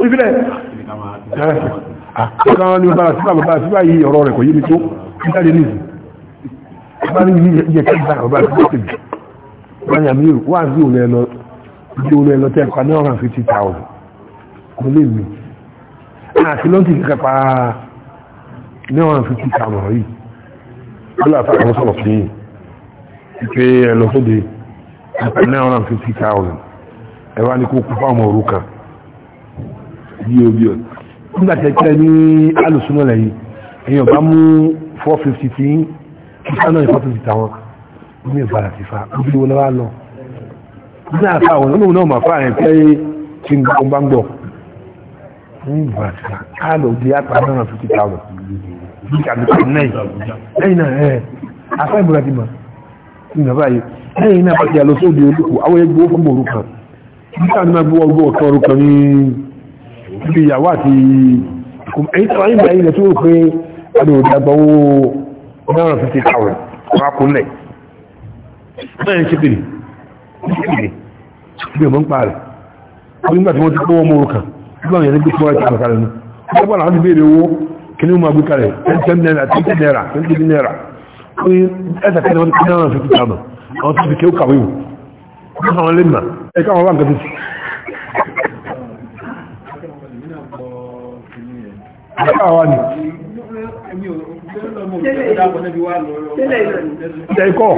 ìfilẹ̀ ọ̀kan wọn ni wọ́n tara síbà bàbá síbà yìí ọ̀rọ̀ rẹ̀ kò yé mi tó ìjáde ní ìsìn bá ní yíyẹ kí ìgbà bàbá síbà tèmi wọ́n yà mí wà sí òun ẹ̀ lọ ìdí òun ẹ̀ lọ tẹ́ ẹ̀kọ́ ní ọ̀ràn fifty thousand kò lè mi àti lọ́ntì kíkà pa ní ọ̀ràn fifty thousand yìí wọ́n lọ àfàkà wọn sọ̀rọ̀ sí i pé ẹ̀ lọ sóde ní ọ̀ràn fifty thousand ẹ̀ wá ní kó kú fáwọn ọmọ òrukàn bí o bí o nígbà tẹ́tẹ́ ní alùsùnà lẹ́yìn èèyàn bá mú 450 tí kíkà náà ìfọ́ tó ti tàwọn ní ìbára ti fa obìnrin wọn lọ́wọ́ lọ ní àfa àwọn olóhùn náà mà fa àyàn pé kí n gbọ́ bá ń gbọ́ ní ìbára ti fa káàlù òdi àpá náà fifty thousand bí kàdùkà náà lẹ́yìn náà ẹ̀ afá ìbúra ti mọ̀ ní bàbá yìí lẹ́yìn náà bá ti àlọ́ sóde olùkù àwọn ẹgbẹ́ níbi ìyàwó àti èyí tí wọ́n yìí bẹ̀rẹ̀ ilẹ̀ tó rò pé adò ìdàgbà owó náírà fifty thousand wọ́n á kó lẹ̀ náà ń ṣépèrè ṣépèrè ṣépèrè mọ́ ń pa rẹ̀ wọ́n nígbà tí wọ́n ti kó wọ́n mú orúkà nígbà yẹn nígbà tí wọ́n ni wọ́n máa gbé kalẹ̀ ten naira twenty naira twenty naira ó ní ẹ̀sẹ̀ kẹ́ni wọ́n ti kó náírà fifty thousand àwọn tó ti kéwù kàwé àkáwà ni ẹ̀kọ́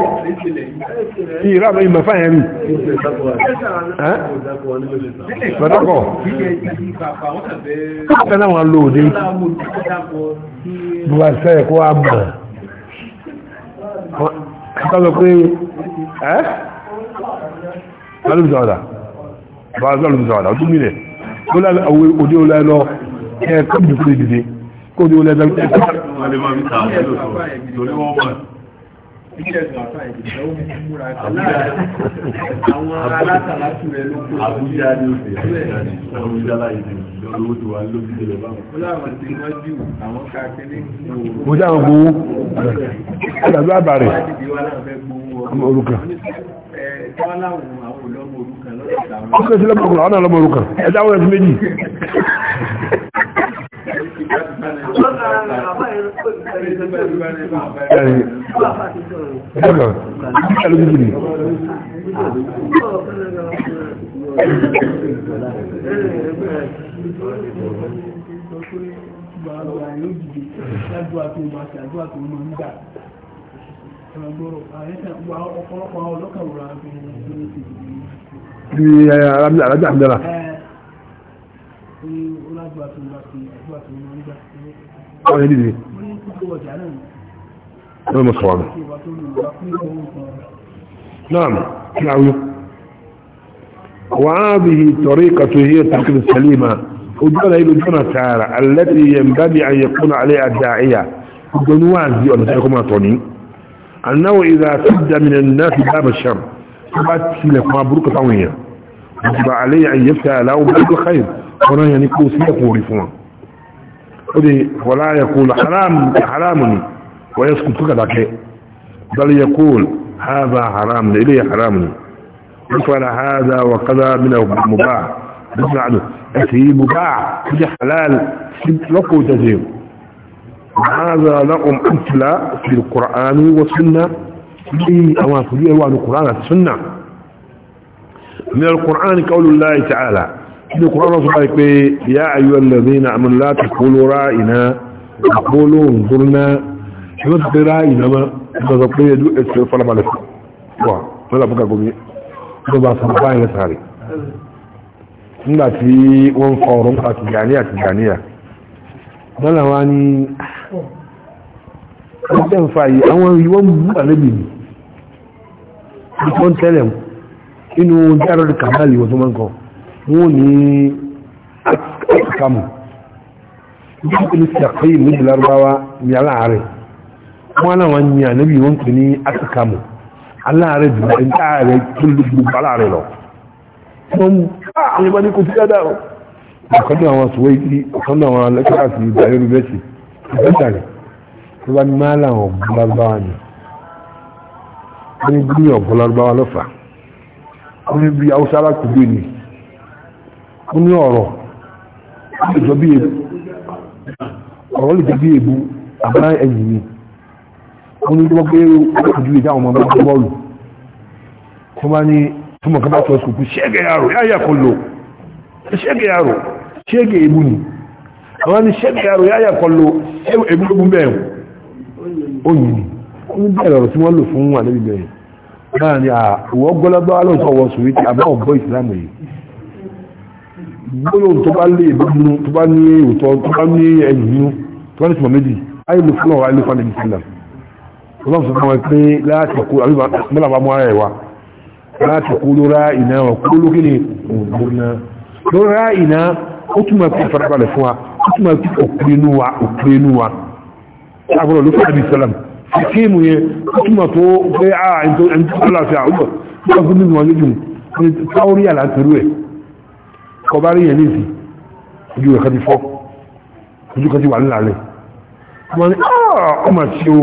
ìrànà ìmọ̀ fáyẹ̀ rí pẹ̀lọ́kọ̀ káàkiri náà wọn lóòdé bùbá sẹ́ ẹ̀kọ́ àmà kọ́lọ̀ pé ẹ́ lọ́lùmùsọ̀ọ̀dà bá lọ́lùmùsọ̀ọ̀dà ó tún mílẹ̀ ó lọ́lùmùsọ̀ọ̀dà ẹ kọ́ bí kò dìde kó ní olè bẹ́ẹ̀ ẹ kọ́. Abuja ni o fi Abuja la yi ti lọ́wọ́ tí wà lóbi tẹ̀lé báwọn. Ó láwọn ti wọ́n jù àwọn káàkiri ní òwò. Mo jẹ́ àwọn gbowó. Ó dàbí àbàrẹ̀. Olùkọ́ ọkọ̀ sí lọ́mọ ọ̀nà lọ́mọ òrukàn ẹ̀dá wọ́n ẹ̀sùn méjì Ìgbà ọ̀rọ̀ àìlójìdí, ṣájú àti ìmọ̀ àti àjọ́ àti ìmọ̀ ń gbà. نعم نعم وهذه طريقة هي التفكير السليمة ودون إلى جنة التي ينبغي أن يكون عليها الداعية ودون يقول لكم تكون أنه إذا سد من الناس باب الشر فبات سلك ما بروك طوية وجب عليه أن يفتع له باب الخير هنا ينكو سلك ورفوان ولا يقول حرام حرامني ويسكت كذلك بل يقول هذا حرام إليه حرامني وفعل هذا وكذا منه مباح بسمع عنه أتي مباح كده حلال لقو تزيره هذا لكم أمثلة في القرآن والسنة في أماثلية وعن القرآن والسنة من القرآن قول الله تعالى في القرآن صحيح يا أيها الذين أمن لا تقولوا رائنا تقولوا انظرنا كما تقول رائنا ما تقول يدوء السلام عليكم واو ماذا بقى قومي بابا سمعين لسهري nígbàtí wọ́n ń fọ ọ̀rọ̀ nípa tìjàníyà tìjàníyà bọ́lá wa ní ọjọ́ ń fa yìí àwọn ìwọ́ ń bú àlébì ní ìfọ́n tẹ́lẹ̀ inú járọ̀ rí kàbálì wọ́n tó mọ́ nǹkan wọ́n ní àkàmù ìjọba ti àkọ́yì méjì lárúbáwá ní aláàárẹ̀ wọ́n láwọn ní àlébì wọ́n pè ní àkàmù aláàárẹ̀ jùlọ ẹ̀ńtà rẹ̀ tó lè gbogbo aláàárẹ̀ lọ ah, ọ̀kan náà wọn sọ̀wọ́ ìdí ọ̀kan náà wọn lẹ́kọ̀ọ́ àti ìdáyọ̀ rúbẹ́sì ìbẹ́ta rẹ̀ tó bá ní máa làwọn ọ̀gbọ́n lárúbáwá ni wọ́n ní bí ọ̀gbọ́n lárúbáwá lọ́fà wọ́n ní bí haúsá alákùúgbé ni wọ́n ní ọ̀rọ̀ ọ̀rọ̀ lè jẹ́ bí èbú àbá ẹ̀yìn ni wọ́n ní wọ́n pé ojú ìdá àwọn ọmọ bá bọ́ọ̀lù tó bá ní túmọ̀ kan bá sọ sùkú ṣẹ́gẹ̀ yàrá yàyà kò lò ṣẹ́gẹ̀ yàrá ṣéèkì èbú ni àwọn ni ṣéèkì àrò yáyà kọlu èbú ló bú bẹ́ẹ̀ oyin ni oyin bẹ́ẹ̀ lọ́rọ̀ tí wọ́n lò fún ànábì bẹ́ẹ̀ náà ni àwọ̀ gbọ́lábá lóòótọ́ wọ sùwìtì àbáwọ̀ bọ́ ìsìlámù yìí gbọ́dọ̀ tó bá lé èbú nínú tó bá ní òótọ́ tó bá ní ẹ̀yìn nínú tó bá ní tìmọ̀ méjì ayé ló fún ọ̀rọ̀ ayé ló fún ànábì sílámù ọlọ́run sọ fún wọn pé láti kú àbíbà ìná ọ̀kú lókè ní òun lórí ó túnmọ̀ sí ìfarabalẹ̀ fún wa ó túnmọ̀ sí òkúrénú wa òkúrénú wa agbọ́dọ̀ ló fún àbísọ́lá fíìmù yẹn ó túnmọ̀ tó pé àà ah, ẹni tó lọ́láfíà ó bọ̀ tó fún nínú wọn lójú ní táórí àlàtẹ̀rú ẹ̀ kọba rí yẹn níbi ojú ẹ̀ka ti fọ́ ojú kan ti wà nílàlẹ̀ wọ́n ní ọmọ ah, tí ó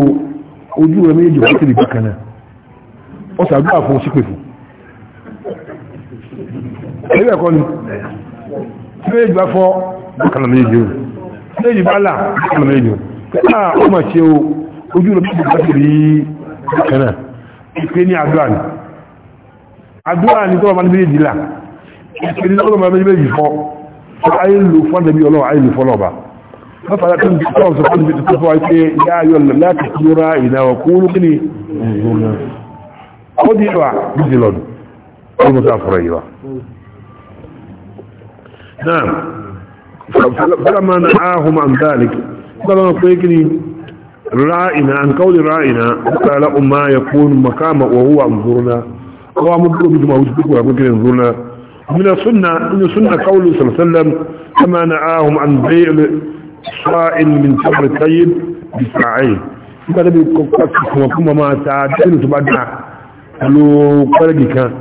ojú rẹ̀ méjì wọ́n ti lè bá kan náà ó sàgbà fún sípè fún ẹ̀rẹ́ ẹ̀kọ́ ni méjì bá fọ́ bákan méjì o méjì bá là bákan méjì o pẹ̀lá ọmọ ah, ṣe o ojú rẹ̀ méjì bá ti rí bákan náà ìpè ní àdúrà ni àdúrà ni tọ́wọ́ bá ní méjì là ìpè ní ọlọ́mọ méjì méjì fọ́ fọ́ ayé lò fọ́ndẹ̀ bí ọlọ́wọ́ ayé lò fọ́lọ́ba mafara kan bi tsawon su kan bi ta tafiya ke ya yi wani lati kura ina wa kuru ne ko di yawa bizilon ko mu ta fura yawa نعم فلما نعاهم عن ذلك فلما نطيقني رائنا عن قول رائنا قال ما يكون مقام وهو انظرنا هو مدرك بما وجدك ممكن انظرنا من السنة من السنة قوله صلى الله عليه وسلم كما نعاهم عن بيع صائل من تمر الطيب بساعين قال لي كما كما ما تعدل تبدع قالوا قال لك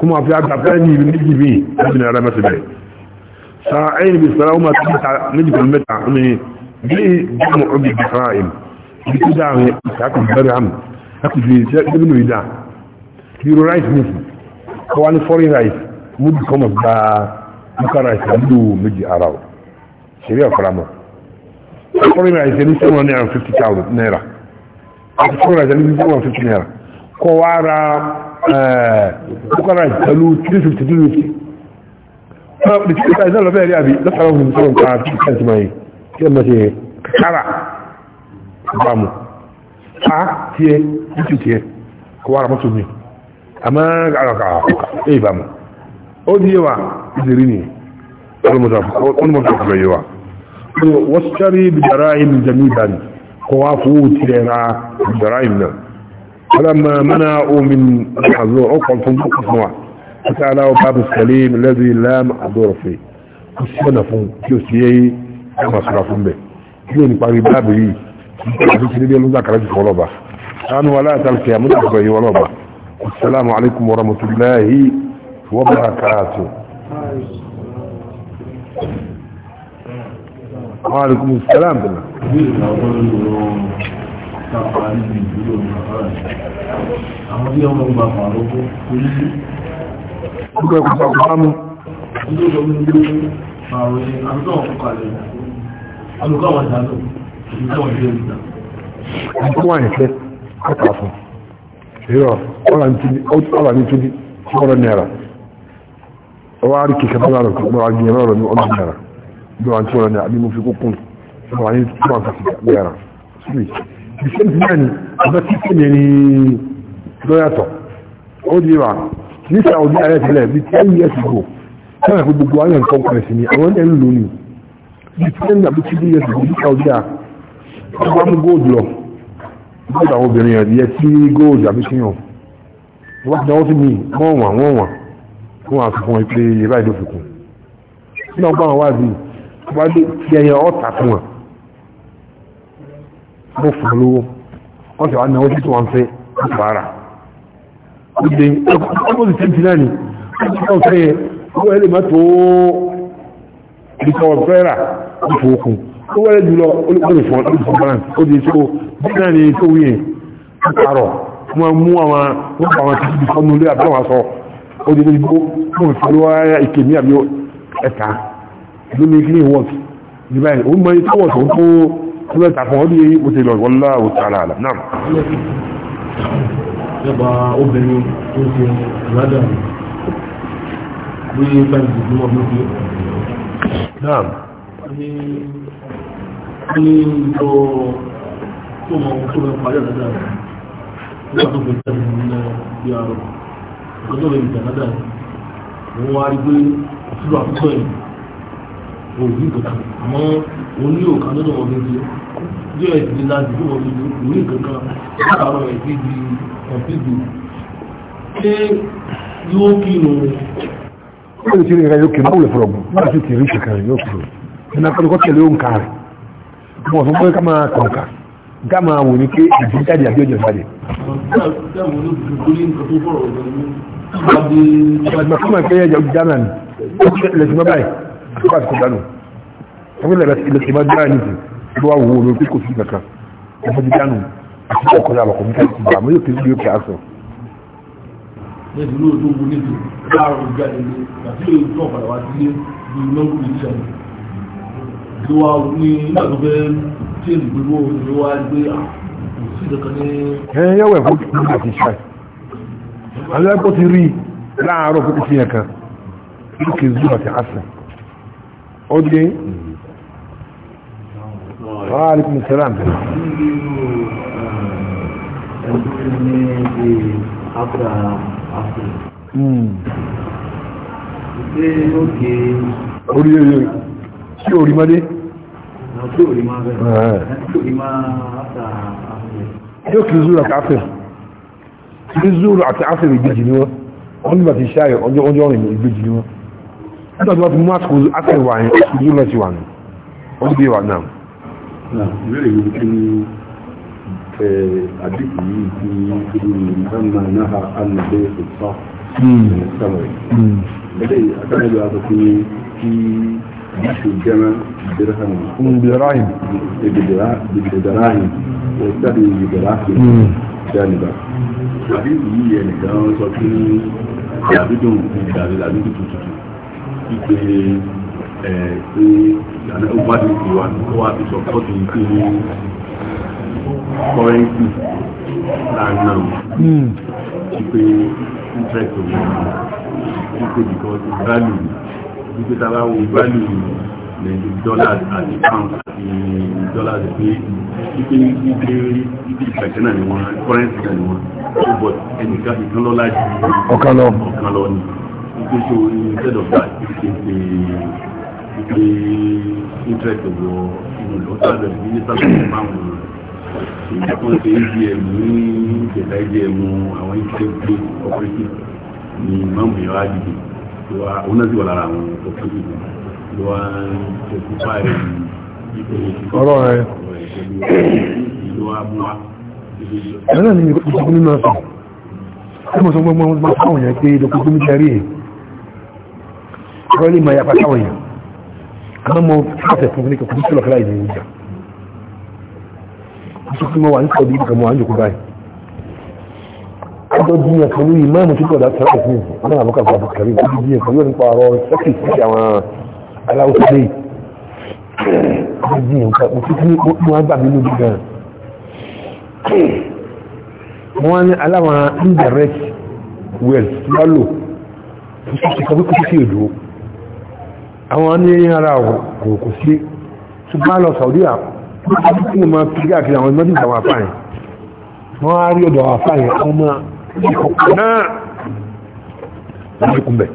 كما في عبد عبد الله بن من بن رمسبيه ساعين بالصلاة وما تبتع نجد المتع مني بيه جمع عبد الحرائم بتدعم يتعكم برعم أكد في ابنه يدع كبير رايس مثل كواني فوري رايس مد كومس با مكا رايس مدو مجي أراو شريع فرامة فوري رايس يعني سنوى نعم 50,000 نيرا فوري رايس يعني سنوى 50 نيرا كوارا مكا رايس تلو 350 350 ìta ìsá lọ́fẹ́ rí àbí lọ́fẹ́ ọ̀hún tó ń pàá tí kẹ́ntì máa yìí tí ẹmọ ṣe kára ìbámu a tí ẹ títù tí ẹ kó wára mọ́tò mi àmọ́ àrọ̀kà ẹ ìbámu ó di yẹwà ìdírí ni ọlọ́mọdé àfọlọ́ yẹwà wọ́n sáré bìdára ìlú jẹ́mí ìbáni kó wá fún owó tí ẹ ra bìdára ìlú náà ọlọ́mọ mẹ́nà omi àzọ ọkọ̀ fún wa تعالى وباب السليم الذي لا معذور فيه كسينا فون كسيي كما صرفون به كيون باري بابي كسينا بيه لنزا كراجي فولوبا كان ولا تلقيا مدعبه ولوبا السلام عليكم ورحمة الله وبركاته وعليكم السلام بالله gbogbo ẹ̀kùnfà kùnfà mú àkọ́wà ìfẹ́ kọ́kà fún ìrọ̀ ọ̀rà ní túnbí ọ̀rọ̀ náírà ọwọ́ àrí kìkẹ́ fún àrùn kò gbọ́ra gbìyànjú ọ̀rọ̀ ní ọdún náírà gbọ́ra tí ọ̀rọ̀ náírà bí mo fi kókún ọ̀rọ̀ ní túnbà fàfì náírà sí ìṣẹ́ ìfẹ́ ní ọjọ́ tí ó ní lọ́yàtọ̀ ó di wà ní sàwọn ará ìpínlẹ̀ bí ten years ago sáwọn àpò gbogbo àwọn nǹkan kan sí ni àwọn ẹ̀ ń lò ní bí ten àbí two years ago ní sàwọn ará wọ́n bá mú gold lọ gold àwọn obìnrin yẹn yẹ sí gold àbí sí yàn wọ́n ti dáwọ́ sí mi wọ́n wà wọ́n wà wọ́n wà fún wọn pé yẹ báyìí ló fi kún nínú ọgbà wọn wá sí i wọ́n dé ti ẹyẹ ọ̀tà fún wọn wọ́n fún wọn lówó wọ́n sì wá náwó sí tí wọ́n fẹ́ wọ́n fà á rà ọdún ọdún tẹ́ntì náà ni ọdún ọ̀fẹ́ ọwọ́ ẹlẹ́ mọ́tò ìtọ̀ ọ̀fẹ́ra ìfò okùn ọwọ́ ẹlẹ́ jùlọ olùfọ̀ balance ó di tó ìtọ́wọ̀ tó tó tó mẹ́ta fún ọdún yìí ó ti lọ wọ́n láwọ̀ tààrà náà nípa obìnrin tó ṣe ìlàdà ní báyìí tó mọ̀ lókè náà ní lọ tó mọ̀ tó mọ̀ parí àdádà rẹ̀ nígbà tó fi tẹ́lẹ̀ ní bí arọ nǹkan tó lè rí àdádà rẹ̀ wọ́n wá rí pé òṣìlú àkókò ẹ̀ òògùn kankan àmọ́ oníyòkan tó mọ̀ lókè díẹ̀ ìdílé láti bí wọ́n lò ní kankan látàrọ̀ ẹ̀ sí di ọ̀fíìsì ṣé yóò kínú. ó lè ti rí ẹ̀ka yóò kínú báwo lè fọ̀rọ̀ gùn láti ti rí ìṣẹ̀kà rẹ̀ yóò kúrò ẹ̀nà kan kọ́ tẹ̀lé òǹkà rẹ̀ wọ́n sọ pé ká máa kọ̀ǹkà ká máa wò ní pé ìdí jáde àbí ọjọ́ jáde. ìgbà tó máa pé ẹjọ́ gánà ni ó ti lè ti má báyìí àkókò àti kò dánù ó ti lè ti má dánù nìyí tó wà wò ló pé kò sí kankan ẹgbẹ́ ti dánù àti tó kọjá lọ kọ̀mítà ti bàmú yóò kéré yóò kí a sọ. lẹ́yìn ló tó wọlé tó láàárọ̀ ìjáde ní àti lè tó ọ̀padà wá sílé bí lọ́gbù ìṣẹ̀lẹ̀ ló wá ní nígbà tó fẹ́ tí èlì gbogbo ló wá gbé kò sí kankan ní. ẹ yẹ wẹ̀ fún mi àti ṣáì àwọn ẹgbẹ́ ti rí láàárọ̀ fún kò sí yẹn kan ló kéré yóò kí a sọ. ó dé Wàhálì kùn sẹ́lám. Orí orí tí orí máa dé? Tí orí máa bẹ̀rẹ̀. Tí eh. orí máa àtà àfẹ́. Yóò kìí zúrù àti àfẹ́. Kìí zúrù àti àfẹ́ ìgbèjì ni wọ́n. Wọ́n nígbà ti ṣáyẹ̀ ọjọ́ ọ̀rìn ìgbèjì ni wọ́n. Ẹgbẹ̀rẹ̀ tí wọ́n ti mú àtìkò àfẹ́ wà ní ìgbèjì wà ní. Ó ìbéèrè yìí kí ni àdìsí yìí kí ní ìdámà náà ànàdé ìfà ìsàlẹ̀ ẹ̀dẹ́ àtàlẹ́lú àtàkùn ní kí àdìsí jẹ́mà dirham dirham bidirahim òtàbí bidirahim jẹ́nìbà àdìsí yìí yẹn nìkan sọ pé àdìdùn ìdàrí àdìdùn tuntun ìpè ẹ̀ pé ìlànà ọgbà ti fi wà tó wà fi sọpọ́tù pé kọ́rẹ́ǹtì láàrin náà interest òun ti pé because value ti pé tábà wo value lẹ́yìn dollars àti pounds àti dollars pé ipe ipe ipe ìgbàjẹ́ náà ni wọ́n currency náà ni wọ́n ó bọ̀ ẹnìkan ìkan lọ́la ju ọ̀kan lọ ọ̀kan lọ ni ipe ṣe instead of that ipe ṣe wípé interest gbogbo ìlú lọ́sàdọ̀ mínísítà tó ń báwọn èèyàn kan ṣe AGM ní ìjẹta AGM àwọn ìṣẹ́gbé operative ní ìmọ̀mù yọ àjèjì tó wá òun náà sì wà lára àwọn operative ló wá ń tẹ̀sí fáìlì ọ̀rọ̀ rẹ̀ ìlú amúwa ẹ̀rọ ni ìṣẹ́gun nínú ọ̀sán ẹmọ̀ sọ gbogbo ọmọ ọmọ ọmọ ọmọ ọmọ ọmọ ọmọ ọmọ ọmọ ọmọ ọmọ kan mo fẹ́ fún ní kòkòrò sílọ̀ kíláì ní ìjà tó kí mo wà ní sọ̀dí ìdíkà mo wà ní jòkó báyìí ọjọ́ jíyàn pẹ̀lú ìmáàmù tó kọ̀dá tẹ́lẹ̀ fún ìsìn ọ̀nà àbúkà fún àbúkà rí ọjọ́ jíyàn pẹ̀lú nípa ọ̀rọ̀ sẹ́kì sí àwọn aláwọ̀sọ lẹ́yìn ọjọ́ jíyàn pẹ̀lú mo ti ní mo wá gbà mí lójú gan wọ́n ní aláwọn indirect wells lọ́lò tó sì kọ́ bí kò sí èdò àwọn ní ara òkò sí ṣùgbọ́n lọ Saudi àpapọ̀ ma fi káàkiri àwọn ìmọ́dí àwọn àfáàyàn wọ́n á rí ọ̀dọ̀ àfáàyàn àwọn ọmọ ìkọ̀kọ̀ náà láti kúnbẹ̀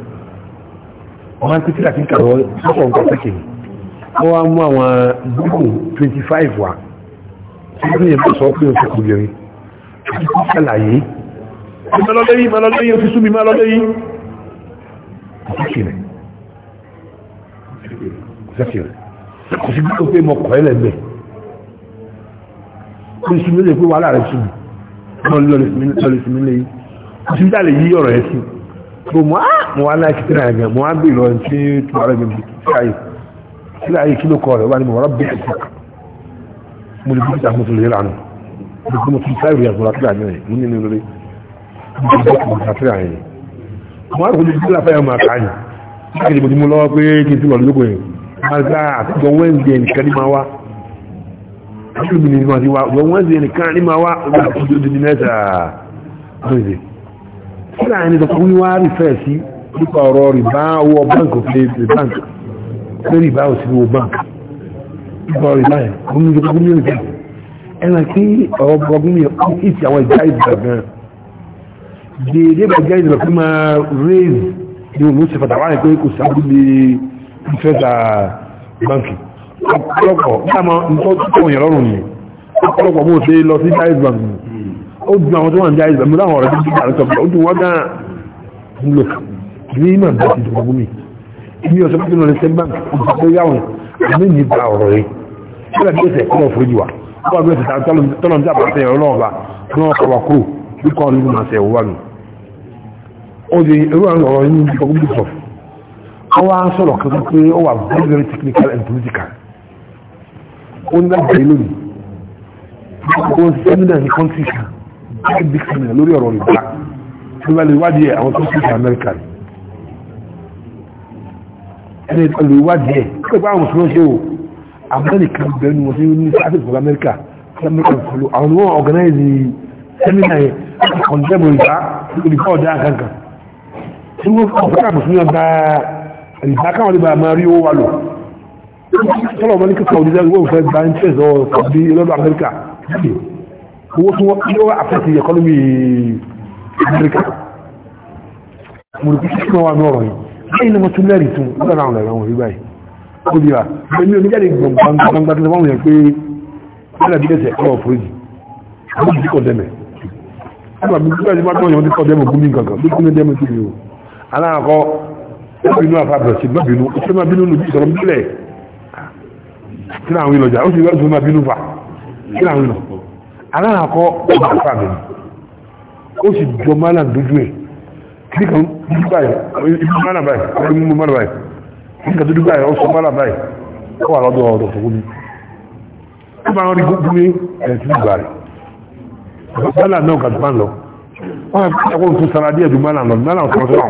wọ́n á títí àti kàrọ̀ ọ̀pọ̀ nǹkan sẹ́kì wọ́n á mú àwọn búkù 25 wá tí wọ́n yẹn bá sọ pé oṣù kò gẹ̀rí ṣàlàyé ìmọ̀lọ́lẹ́yìn ìmọ̀lọ́lẹ́yìn ó ti sú mi mọ́lọ́lẹ́yìn àti kìrẹ̀ zakir kò sí gbọ́dọ̀ pé mo kọ́ ẹ lẹ́gbẹ̀ẹ́ kò sí mi lè pé wàhálà rẹ̀ sùn mo lọ lè sí mi lè yí kò sí dá lè yí ọ̀rọ̀ ẹ̀ sí mo mọ á ah, mo wá láì kìtìrì àgbà mo wá bèèrè ọ̀rọ̀ tí tó ara mi bí síláyé síláyé kí ló kọ rẹ̀ wá ní mo rọ́ bí ẹ̀sìn mo lè bí ìta mo tún lè ránu mo tún mo agbá àtijọ́ wednesday nìkan ní máa wá ṣùgbọ́n ní máa ti wá ọjọ́ wednesday nìkan ní máa wá ọjọ́ àtijọ́ di mẹ́ta wednesday kí láàrin ní tọkùn wíwá rí fẹ́ sí nípa ọ̀rọ̀ rìbá owó bank of the bank lórí rìbá òsì owó bank nípa rìbá yẹn kò ní tọkùn ní òkè ẹnà kí ọ̀rọ̀ bọ̀gún yẹn kún ìtì àwọn ìjà ìgbà gan dèédé bàjẹ́ ìdìbò fún máa raise ni òun ló ṣe fàtàwárẹ̀ pé kò sábúlé ìfẹ́ta uh, báńkì ọ̀pọ̀lọpọ̀ dáàmà ìtọ́júkọ̀ yẹn lọ́rùn ni ọ̀pọ̀lọpọ̀ bó ṣe lọ sí jaiz bank ó dùn àwọn tó wà ní jaiz bank láwọn ọ̀rẹ́ títí àrẹ́sọ̀ ó dùn wọ́n dáa ń lò ní ìmọ̀ bá ti dùn gómìn ní ọ̀sẹ̀ pẹ̀lú ọ̀rẹ́ sẹ́ bank ìgbàgbọ́ yáwọn àmì ní ba ọ̀rọ̀ rẹ̀ sílẹ̀ bí ẹsẹ̀ kọ́ fún ìjìwà wọ́n bí ẹsẹ̀ tọ́lọ̀ ní àbáṣẹ ọlọ́ọ̀ba tí wọ́n kọ̀wà kúrò bí kọ́ ní ìgbìmọ̀ àṣẹ ìwà mi ó di irú àwọn ọ̀rọ̀ yìí ní ìgbàgbọ́ àwọn aṣọ́rọ̀ kan pé ó wà very very technical and political ó ní láti lónìí wọ́n sẹ́mínà ní kọ́ntíṣà láti bí sẹ́mínà lórí ọ̀rọ̀ rẹ̀ bá tí wọ́n lè wádìí ẹ̀ àwọn tó sí ìṣẹ́ amẹ́ríkà rẹ̀ ẹni tó lè wádìí ẹ̀ pé báwọn mùsùlùmí ṣe o amẹ́ríkà bẹ̀rẹ̀ ni wọ́n ti ní sáfẹ́ ìfọ̀lá amẹ́ríkà tí amẹ́ríkà ń fọlọ́ àwọn wọn organize sẹ́mínà yẹn kọ̀ndẹ́mù ìgbà olùkọ́ ọ̀dà kankan tí wọ́n fọ́ ìgbà káwọn lè bá máa rí owó wa lò tọ́lọ̀ ọmọ nípa saudi arabia wọ́n fẹ́ gba interest ọ̀ saudi lọ́dọ̀ amẹ́ríkà owó tí wọ́n yóò affect economy amẹ́ríkà mo rò pé kí wọ́n wà ní ọ̀rọ̀ yìí lẹ́yìn náà mo tún lẹ́rìí tún ó dáná àwọn ẹ̀rọ wọn rí báyìí ó bí wa èmi ò ní jáde gbọ̀ngbàngbà tó wọ́n yẹn pé ẹ̀rọ bí ẹsẹ̀ ọ̀rọ̀ fúrẹ́jì ó bí kọ̀ dẹ́mẹ̀ wọ́n bínú àfàbọ̀ sí má bínú ó sì má bínú lóbi ìsọ̀rọ̀ nílẹ̀ kí náà wí lọ́jà ó sì lọ́sùn má bínú fà kí náà wí lọ alárakọ ọba àfà mi ó sì jọ mọ́nà dójú ẹ̀ kí kan dúdú báyìí ibi mọ́nà báyìí ó mú mọ́nà báyìí kí kan dúdú báyìí ó sọ mọ́nà báyìí ó wà lọ́dọ̀ ọ̀dọ̀ tó gómi ó máa rí gómi ní ẹ̀ tí ó gbà mọ́nà náà kàdùmá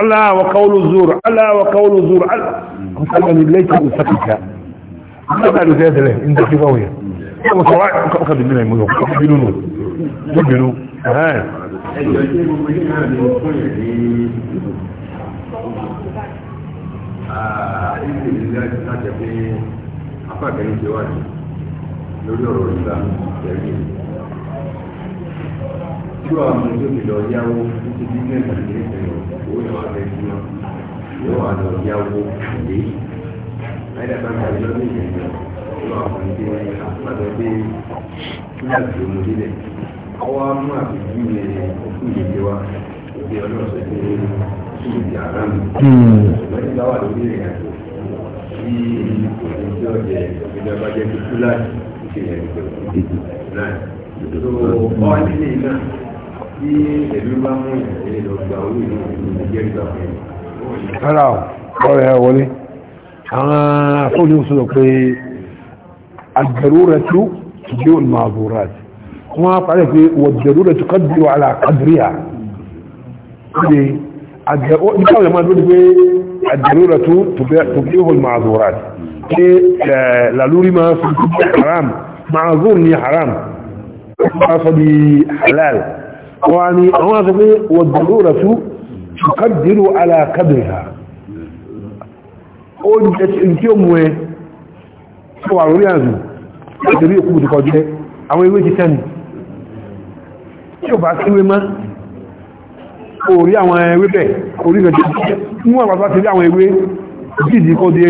ألا وقول الزور ألا وقول الزور ألا وقال ليس ما قالوا زيادة له إن دخفوية وصراع أخذ منها يملوك قبلونه قبلوا هاي lórí ọ̀rọ̀ ìgbà tẹ̀lé tí wàá mú tó ti lọ yáwó tó ti bí mẹ́ta ní ìfẹ̀yọ̀ owó yẹn wà bẹ́ẹ̀ sí wọn yóò wà lọ yáwó ìwé láìda bá ń tàbí lọ́dún ìgbẹ̀yìn yóò wà fún ìdí wọn àpàdé pé nígbà tí o mú délẹ̀ ọwọ́ á mú àbíjú yẹn òkú ìdíje wa ìdí ọlọ́run sọ pé kí ìdí ara mi lọ́dún bá wà lórí ìrìn àjò tí òní tí ọ̀jẹ̀ ìjọba jẹ́ tuntun láti ìṣẹ̀lẹ̀ ìjọba láti. tí ẹ̀lú bá mú ẹ̀lẹ́ lọ gba owó ìlú ìjẹ́ ìgbà fún ẹ̀. rárá o ọ̀rẹ́ ẹ wọlé àwọn afọ́lé ń sọ̀rọ̀ pé الضرورة تجيء المعذورات وما قال لك والضرورة تقدر على قدرها الدولة ما تقول الضرورة تبيعه المعذورات لالوري ما حرام معذور حرام قصدي حلال wani àwọn àti pé wọ̀dúrúra tó ṣùkàdìrò alákàbìrà ó jẹ́ tí ó mú ẹ tó wà lórí àzù láti rí òkú ti kọjẹ́ àwọn ewé ti tẹ́nu tí ó bá kíwé má kò rí àwọn ewé bẹ̀ kò rí gẹ̀ẹ́jẹ́ mú àpapá ti rí àwọn ewé jíjì kó dé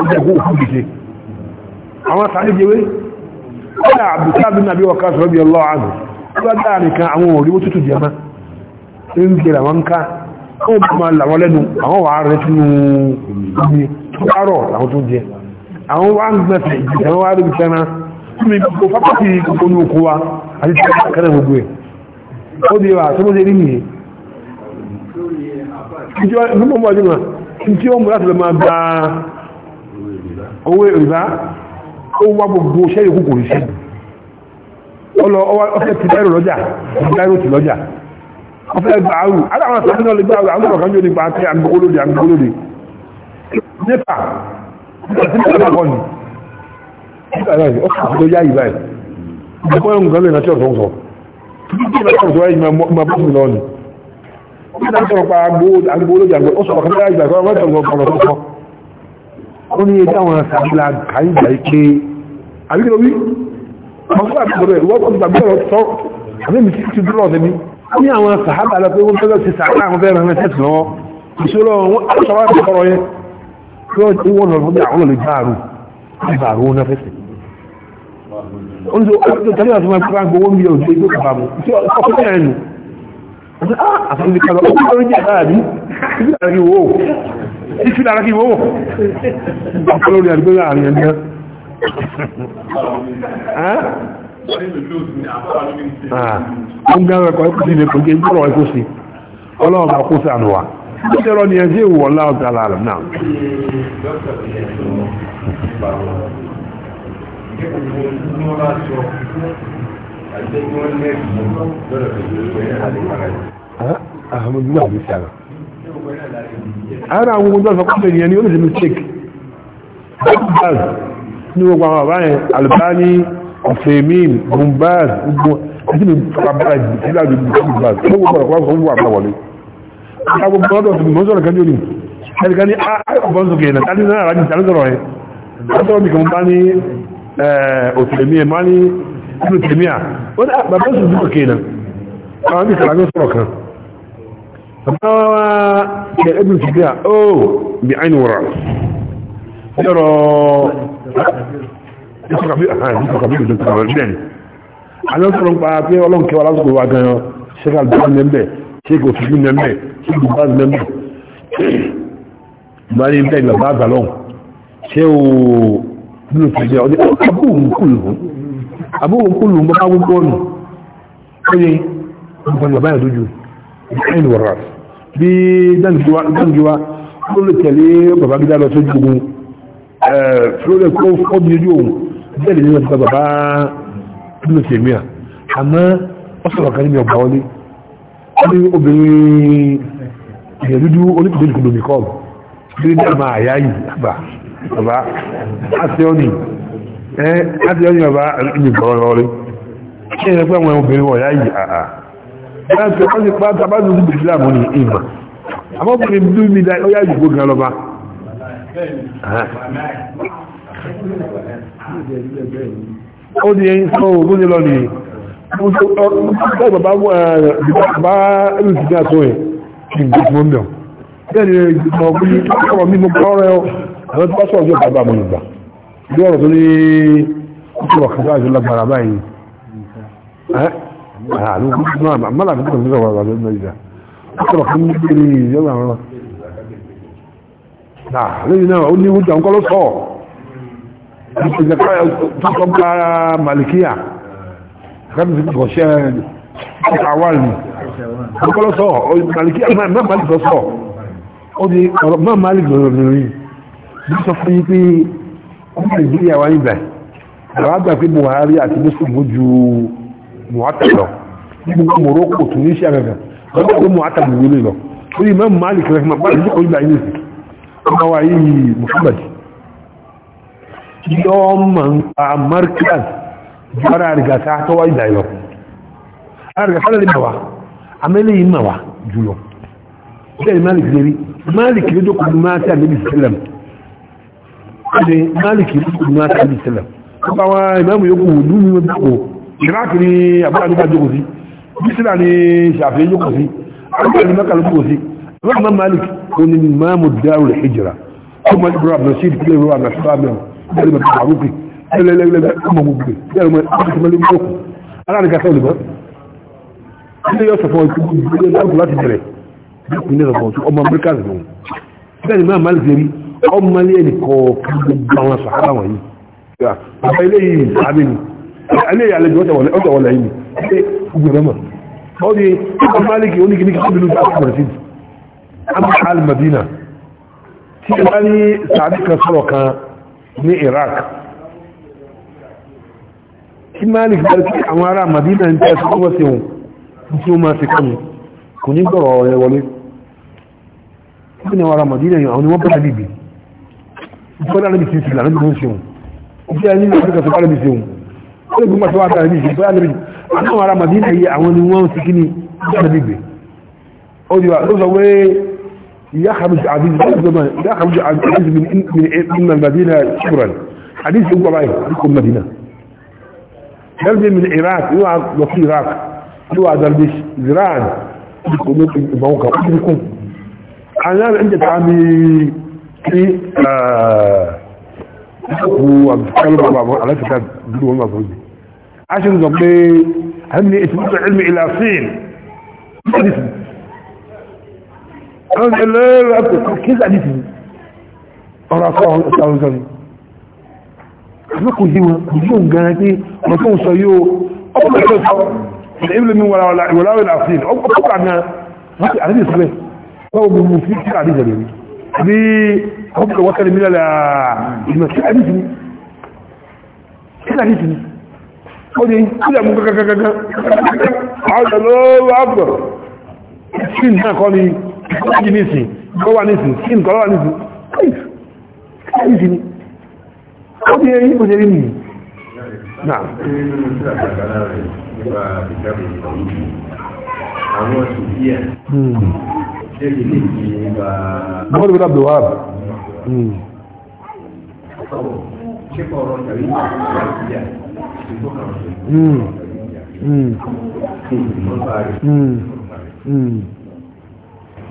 ọjọ́ òkú dìde àwọn sàájẹ́wé kọ́lá àbùsáàbí nàbí ọkà sọ́bí ọlọ́ gbọ́dá nìkan àwọn òrí ó tútù jẹma ń gẹ̀rẹ̀ wọn ká ó bí ma làwọn lẹ́nu àwọn wà rẹ̀ sínú omi tó kárọ̀ àwọn tó jẹ àwọn wà ń gbẹ̀fẹ̀ ìjìyàn wà rí ìfẹ́ra mi gbogbo fápákì gbogbo ní oko wa àti tí a kẹ́rẹ̀ gbogbo ẹ̀ ó rí ó wá gbogbo ṣẹ́yìn kúkùrù sí ọlọ ọfẹ́ ti bẹ́rù lọ́jà bẹ́rù ti lọ́jà ọfẹ́ gbàáwù aláwọn àtàkùn náà lè gbàáwù àwọn ọ̀kan yóò nípa àti àgbókólódì àgbókólódì nípa àti nípa kọ́ ni nípa báyìí ó kà tó yá yìí báyìí ìgbàgbọ́ ẹ̀hún gan lẹ́nà tí ọ̀sán sọ títí ìgbà tó sọ yìí máa bọ́ sí lọ ni ó ní láti sọ̀rọ̀ pa àgbókólódì àgbókólódì ó sọ̀rọ̀ kan láyé ìgbà tó wọ́n tọ̀ ọgbọ́n àtìgbọ̀rọ̀ ẹ̀rù wọ́pọ̀ gbàgbé ọ̀rọ̀ sọ àbí mi ti dúró ọ̀dẹ́ mi ní àwọn sàhábà lọ pé wọ́n fẹ́ lọ sí sàhábà àwọn fẹ́ ràn ẹ̀sẹ̀ lọ́wọ́ ìṣòro wọn aṣọwá ti kọ́rọ̀ yẹn tí wọ́n ti wọ́n lọ fún àwọn olè gbàrú gbàrú wọn náà fẹ́sẹ̀. ó ní sọ tẹ́lẹ̀ àti máa gbá gbowó mi ò dé gbà mú tí ah, ọkọ̀ Ah, ó ń gbára ẹ̀kọ́ ẹ̀kọ́ sí ilé kò ń gbọ́rọ̀ ẹ̀kọ́ sí ọlọ́run bá kó sànù wa ó tẹ́rọ ni ẹ̀sí ìwọ̀ láọ̀tà láàrùn náà àhàmùdúgbà ní sára ara àwọn ogun tó sọ pàtàkì ẹni ó lè ṣe mistake ní gbogbo àwọn àbáyẹ Albani ọ̀fẹ́mìn gumbaz gbogbo àti ní pàbára ìdílé àdúgbò gumbaz tó gbogbo ọ̀rọ̀ pàápàá wọ́n wà pàwọlé agbogbo ọdọ̀ tó mọ́ sọ̀rọ̀ kan jóni ẹni kan ní ọ̀bọ̀n sókè náà tàbí náà rájì tàbí sọ̀rọ̀ ẹ̀ látọ̀ mi kàn bá ní ọ̀fẹ́mìn ẹ̀ má ní ọ̀fẹ́mìn à wọ́n dá bàbá sọ̀rọ̀ sókè náà àwọn bí sàlágbé sọ̀rọ̀ kan bàbá wa kẹ ẹbí sọ̀rọ̀ ó bí àìní wọ̀rọ̀ yusuf kabiru ahan yusuf kabiru dr abdulhamid alẹ́ sọ̀rọ̀ ń pa pé ọlọ́run kẹwàá lásìkò wa gan-an sheikh alban nẹ́mbẹ̀ sheikh ofisun nẹ́mbẹ̀ sheikh dubaz nẹ́mbẹ̀ bari ń bẹ́ ìgbàgbà àgbàlọ́hùn ṣé o nínú ìfẹ̀jẹ̀ ọdẹ abúhùn kùlù abúhùn kùlù ń bá bá gbogbo ọ̀nà ó yẹ nǹkan ìgbàgbà yà lójú ẹ̀yìn wọ̀rọ̀ bí dangiwa ó lè tẹ̀lé bàbá gíga lọ sójú gbogbo fúlọ́lẹ̀ kó fọ́bí ojú òun bẹ́ẹ̀ lè nígbà bàbá ló ṣe mí à àmọ́ ó sọ̀rọ̀ kan ní ọgbà wọlé ó ní obìnrin ìyẹn dúdú oníkùnrin kùnú mi kọ́ bí ní àmà àyá yìí àbà bàbá àti ọ́nì ẹ́ àti ọ́nì bàbá ní ìgbọ̀rọ̀ lọ́rí kí ẹ̀rẹ́ pé àwọn obìnrin wọ̀nyá yìí àà láti ọ́nì pátá bá dúdú bìtìlá mú ní ìmà àmọ́ obìnrin dúdú mi dá ó yá yìí gbógan lọ́ba ó ní ẹyìn sọ ògùn ní lọ́nà ọ̀pọ̀ bàbá bàbá ẹlùsìdí àtọ́ ẹ̀ kí n gbọ́sùn mọ́ mẹ́ọ̀ bẹ́ẹ̀ ni ìgbìmọ̀ ọ̀gbìn ọ̀pọ̀ mímọ̀ tó bá sọ̀rọ̀ yóò bàbá mọ̀ nígbà bí ọ̀rọ̀ tó ní ọ̀pọ̀ kàtà àjọ lágbára báyìí náà lẹ́yìn náà ó ní wújà ń kọ́ ló sọ ìpìlẹ̀kọ́ bá malikiya káàkiri kò ṣe àwọn ni ń kọ́ ló sọ malikiya náà malik lọ sọ ó di ọ̀rọ̀ náà malik lọ lórí bí sọ fún yín pé ó lè gbé ìyàwó ayé bẹ̀ àwọn àgbà pé Buhari àti Muslim ju muhata lọ gbogbo Morocco Tunisia gẹ̀gẹ̀ lọ́gbọ̀gbọ̀ muhata gbogbo lè lọ ó di mẹ́rin malik rẹ̀ máa bá ìdíkọ̀ ìgbà ọmọ wa yìí Muhammad yóò mọ̀ ń pa markaz jọ́ra àrìgàtà tó wá ìdá ìlọ àrìgàtà lè mọ̀ wá amẹ́lẹ̀ yìí mọ̀ wá jùlọ bẹ́ẹ̀ Malik lérí Malik lérí dókò ní máa tà níbi sẹ́lẹ̀m ẹ̀dẹ̀ Malik lérí dókò ní máa tà níbi sẹ́lẹ̀m tó bá wá ìmáàmù yókù wùdú ní ọdún ìrákì ní abúlé àdúgbà jókòó sí bísílà ní ṣàfihàn jókòó sí رحمة مالك من إمام الدار الحجرة ثم إبراهيم بن نسيب كل رواه من أصحاب له قال لي معروفي لا لا لا لا أم مبين قال ما أخذ مالك مبين أنا أنا كاتب لي اللي يوسف هو يقول لا لا تدري يقول لي ربوت أم مركز مون قال الإمام مالك يبي أم لي اللي كو كان صحابة وهي يا أبي لي صاحبين عليه على جوته ولا أوته ولا عيني أبو رمى هو دي مالك يقول لي كني كاتب له أخبار سيدي amúhà al-madina tí a bá ní sàádì kan sọ̀rọ̀ kan ní iraq kí malik bá rí àwọn ará madina ń tẹ́ sọ́wọ́ sí wọn tí ó máa ti kọ́ mi kò ní gbọ́rọ̀ ọ̀rẹ́ wọlé kí ni àwọn ará madina yìí àwọn ni wọ́n bá níbi ìfọ́dá níbi ti sílẹ̀ níbi tó ń ṣe wọn ìfẹ́ ẹni ní àfíkà tó bá níbi ṣe wọn ó ó bá يخرج عزيز يا يخرج عزيز من من المدينة شبرا حديث يقول رأيه لكم مدينة درجة من العراق يوعى نصير العراق يوعى دربش زراعا لكم موقع لكم أنا عندي تعامي في ااا آه، هو بتكلم على كتاب دول المصري عشان ضبي هم لي اسمه علم الى الصين àwọn ẹlẹ́rẹ́ kò kí sàdìsì ọ̀rọ̀ afọ́ ọ̀sàwọ̀sọ̀ ni àmọ́kò yí wọn kò yóò gan pé ọmọ tó ń sọ yóò ọkọ̀ tó sọ ìlú mi wọ̀láwẹ̀ láàfin ọkọ̀ gan wọ́n ti àdìsì sílẹ̀ wọ́n bú mú sí àdìsì rẹ̀ rí bí ọkọ̀ wọ́tẹ̀ ní mílẹ̀ ìmọ̀ sí àdìsì ni sí àdìsì ni ó ní kílẹ̀ mú gẹ́gẹ́gẹ́gẹ́ àwọn ọ̀dọ̀ lọ́wọ́ àbọ̀ sí nǹkan kọ́ ni láti ní ìsìn kọ́ wà ní ìsìn skin kọ́ wà ní ìsìn cliff cliff ni ó ti rí ó ti rí nìyí náà àwọn sùfíà débi lè fi nípa bọ́ọ̀lù bí lábẹ̀ wà ṣe kọ̀ ọ̀rọ̀ tàbí ìgbà ìgbà ìgbà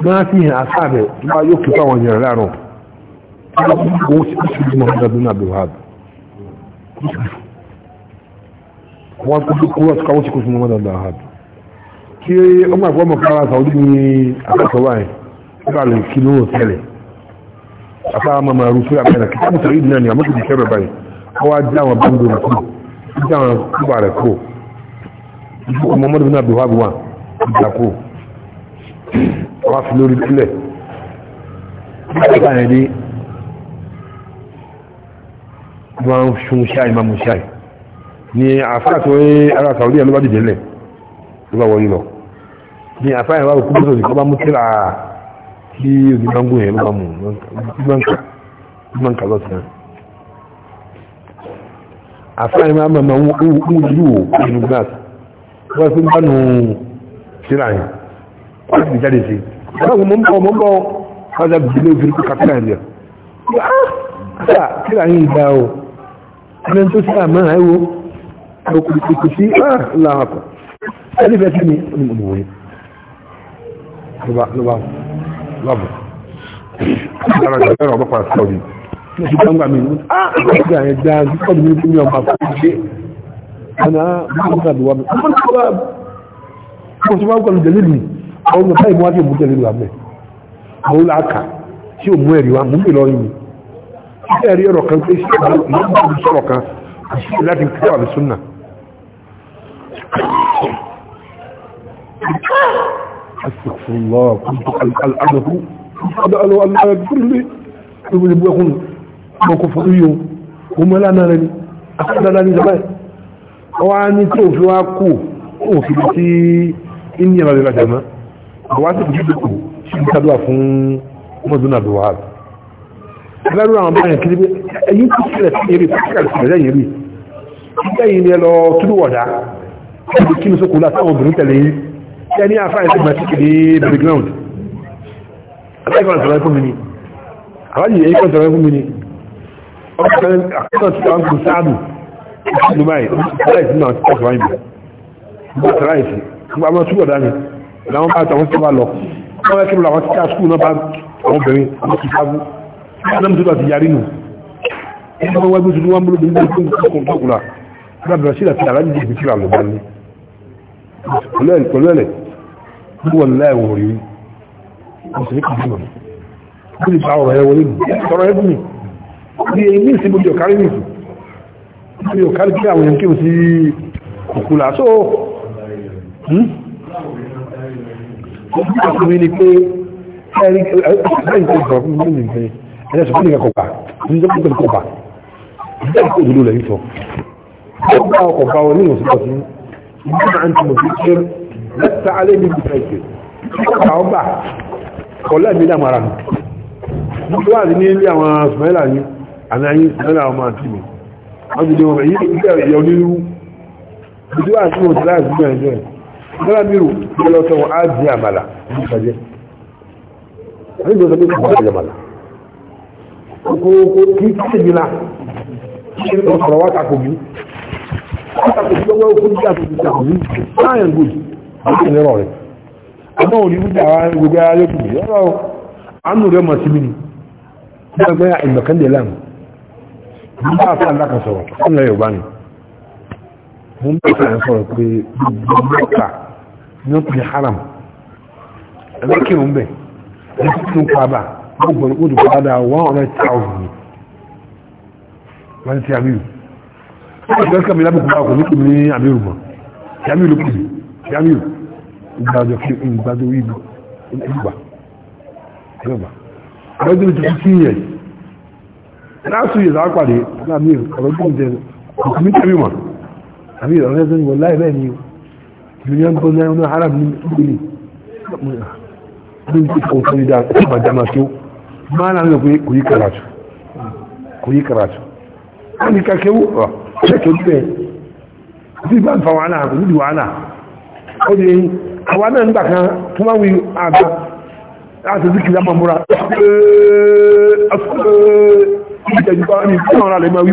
máa fi hàn àsáàbẹ̀ bá yóò kí fáwọn èèyàn láàrùn owó tí ó sì bí mohamed bin abdulhab wọ́n tó bí kúrò sí káwọ́ tí kò sí mohamed abdulhab kí ọmọ àgbọ́ ọmọ kára sàwọ́dí ní àkọ́sọ́wà ẹ̀ nígbà lè kí lóòrò tẹ́lẹ̀ afárá máa máa rúfẹ́ àpẹẹrẹ kí tábù sàrí náà ni àmọ́ kìí sẹ́rẹ̀ báyìí ọwọ́ ajá àwọn báńdò wá fi lórí sílẹ̀ nígbà yẹn ní wọ́n ń sun ṣáì máa mú ṣáì ní àfáà tó ń ara sàwọ́dí ẹ̀ ló bá dìde lẹ̀ ló bá wọlé lọ ní àfáà yẹn wá òkú bọ́sọ̀ nìkan bá mú sílà kí onígbàngbò yẹn ló bá mú nígbàǹkà lọ́sàn-án àfáà yẹn máa máa mú ìlú òkú wọ́n ti ń bá nù sílà yẹn wọ́n ti jáde sí ọ̀rọ̀ mọ́ mọ́ mọ́ mọ́ ọjà bìbílé òfin kó kàkílà ẹ̀ kíra kíra yìí dá o ẹni tó sí àmọ́ àìwò òkùnkùnkù sí láàpọ̀ ẹni fẹ́ sí ni olùmọ̀wé lọ́bàá lọ́bàá lára ìgbàlẹ́rọ̀ ọ̀bọ̀ pàṣẹ ọ̀dì ní ṣe gbangba mi ní àgbà yẹn dá ọdún mi ní ọmọ àkókò ṣe ọ̀nà bí wọ́n ti wá bí wọ́n ti àwọn ọmọ báyìí mú wájú ìmú tẹ̀lé lùwà mẹ́ àwọn làákà tí ò mú ẹ̀rí wa mú mi lọ yìí ṣé ẹ̀rí ọ̀rọ̀ kan pé ṣé ìlú sọ̀rọ̀ kan àṣìṣe láti kí wà ní súnà أستغفر الله كنت الأنه أدعو الله يغفر لي يقول يكون موقف أيو وما لا نرني أخذ لني زمان وعني توفي إني رضي الله àwọn sì fi dùkù sí ibi kádùá fún mọ́sùn àdùwà lẹ́rù àwọn báyìí kiri pé ẹ̀yìn tó sílẹ̀ sí eré pàtíkàlì sílẹ̀ lẹ́yìn rí ilé yìí ni ẹ lọ kílù wọ̀dá ibi kí ní sókò látàwọn obìnrin tẹ̀lé yìí tẹ́ ní àfáà ìsìn máa kíkì ní bẹ̀rẹ̀ ground aláìkọ̀ ìsọ̀rọ̀ fún mi ni aláàjì ẹ̀yìn kọ̀ ìsọ̀rọ̀ fún mi ni ọkùnrin àkọ́kọ́ ti àwọn kò sáàdù ìsìn dubai aláìsìn náà ti pọ̀ làwọn bá àtàwọn tó bá lọ wọ́n rẹ́ kí lọ àwọn tíkà skúù náà bá àwọn obìnrin àwọn ti sábú adam tó bá ti yarí nù ẹni wọ́n wáyé tuntun wọn múlò bí wọ́n tún kọ́ kọ́ kúra nígbà bẹ̀rẹ̀ sí ò kárí kí àwọn èèyàn kí o sí kòkúlà so hmm? ọkùnrin ni pé ẹni tó sọ fún mi nìyẹn ẹni ẹsọ fún mi kọ gbà ní ìjọba ìjọba kọ gbà ìjọba kò dúró lẹ́yìn sọ ọgbà ọkọ̀ bá wọn nínú sọ́kọ̀ sí ìjọba àti mọ̀ sí ṣe lẹ́tà alẹ́ ní ìjọba ìjọ ọgbà ọgbà ọ̀lá mi dàmú ara mi mo tó wà ní ilé àwọn sùmẹ́là yìí àmì ayé sùmẹ́là ọmọ àti mi wọ́n ti dé wọn yìí ilé ẹ̀yọ́ nínú mo tó wà ní dára mírù lọ́lọ́ sọ wọn á di àmàlà ìpàdé àbí ìjọba bí kò bá àmàlà kò kì í tẹ̀lé mi la kí ni ọ̀sọ̀rọ̀ wá tako mi wá tako mi lọ́wọ́ òkú dídá tó ti tako mi láàyè gbòdì àti ìlera rẹ̀ àmọ́ òní wúdà mo ń bẹ̀rẹ̀ sọ̀rọ̀ sọ̀rọ̀ pé gbogbo mẹ́ta ní ó pè haram ẹgbẹ́ kírun bẹ̀ ẹgbẹ́ kírun pàbà gbogbo ní odò padà one hundred thousand wọ́n ti àmì ìlú ẹgbẹ́ kàmí lábùkù bá kò ní kò ní àmì ìlú mọ̀ yàmì ìlú kùdì yàmì ìlú ìgbàjọ kí ìgbàjọ wí ìlú ìgbà ìgbà ọdún tó fi kíyè láti ìlú àpàdé láàmì ìlú ọdún tó fi kíyè àbí ọ̀rẹ́ tó ní wọ́n láì bẹ́ẹ̀ ni o ìrìnà ń bọ́ náà ọ̀nà haram ní ìgbìlì ní ìkọ̀ tó ní dáa ọba jama tó máa náà lọ pé kò yí karatu kò yí karatu wọ́n ní ká kéwú ọ̀ ṣẹ́kẹ̀ bẹ́ẹ̀ bí bá ní di wàhálà ó di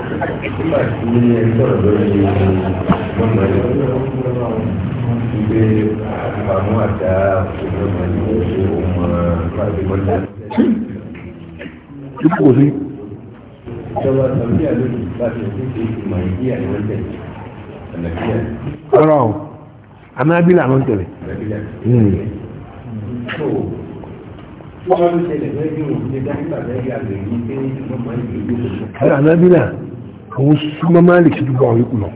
ní ẹjọ́ lórí ọmọ ìlú ìgbé àwọn àdá ọmọ ìlú ṣe ọmọ pàdébọ́lá. Ipò sí. Ìjọba Sàmúlì àlóyè láti ṣe ṣe ìmọ̀ ìdí àìwọ́n tẹ̀lé. Ọ̀rọ̀ o, Anábílà ló ń tẹ̀lé. Anábílà. Hmm. òun súnmọ́ máàlìkì dúgbà àwọn ikú lọ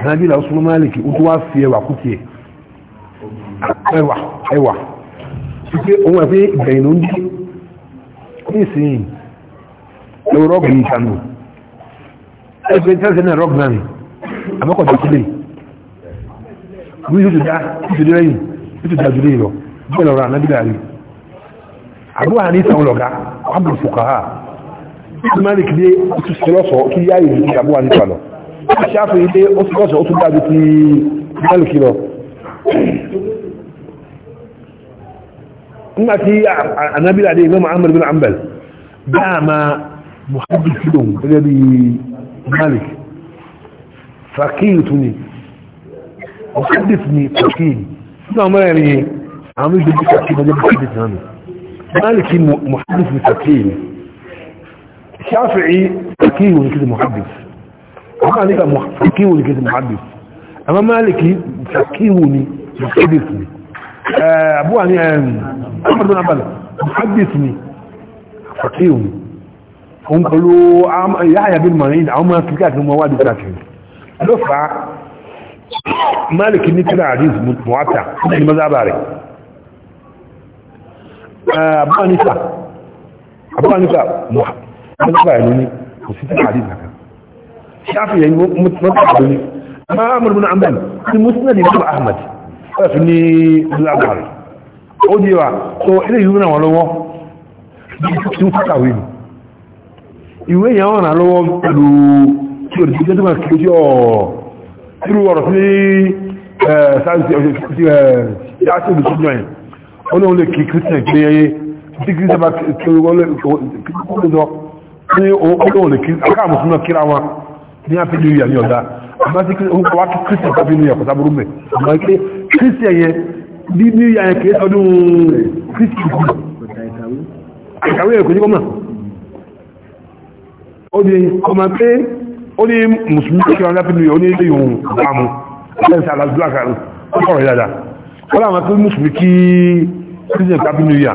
anábìlà súnmọ́ máàlìkì ó tó wá fi ẹwà kú ẹwà ẹwà pípé òun ẹ̀fẹ́ ìgbẹ̀yìn ló ń dí ní ìsìn ẹwọ rọ́ọ̀gì yìí ẹgbẹ́ tẹ́sẹ̀ náà rọ́ọ̀gì náà àmọ́kọ̀dọ̀ lẹ́yìn malik dé oṣù sílọ́sọ̀ tó yá ìlú ìṣàbọ̀ wà nípa lọ ṣáfù ilé oṣù lọ́sọ̀ ó tún dájú ti malik lọ nígbà tí anábìlà dé imam ahmed bin ambal dáàmà muhammad filon gẹ́gẹ́ bí malik fakir tún ni muhammad ni fakir suna mẹ́rin àwọn ìjọba fakir mọ́jọ́ malik muhammad fakir shafi'i fakihi ni kitu muhaddis haka ni kama fakihi ni kitu muhaddis ama maliki fakihi ni muhaddis ni eh, abu ani eh, amr bin abdullah muhaddis ni fakihi ni hum qalu am yahya bin ma'in aw ma fikati ni mawadi fakihi lo fa maliki ni kira hadis muwatta ni mazabare eh, abu anifa abu anifa muhaddis mọ́tàbà ìlú ní kò sí tàbí ìzàkà ṣáfì yẹn mọ́tàbà ìlú ní ma amur bin amdan ni musnad ibn ahmad fa ni al-aghar o di wa so ile yu na wọn lọ́wọ́ ti fa ka wi ìwé yẹn wọn na lọ́wọ́ pẹ̀lú ti o di to ma ní owó lè kí ká mùsùlùmí kíra wọn ní àti ìlú ìyà ní ọ̀dá àmá sí orúkọ wá kí christian tàbí ní ẹ̀kọ́ sábúrú mẹ́ àmá ike christian yẹn bí ní ìyà yẹn kìí sọdún christian kù ìkàwé ẹ̀kọ́ ní gọ́mà ó ní ọmọ pé ó ní mùsùlùmí kíra wọn láti ní ìyà ó ní ilé ìhun àmú ẹ̀sẹ̀ alàdúrà kan ó sọ̀rọ̀ ìdàdà wọ́n láwọn pé mùsùlùmí kí christian tàbí ní ìyà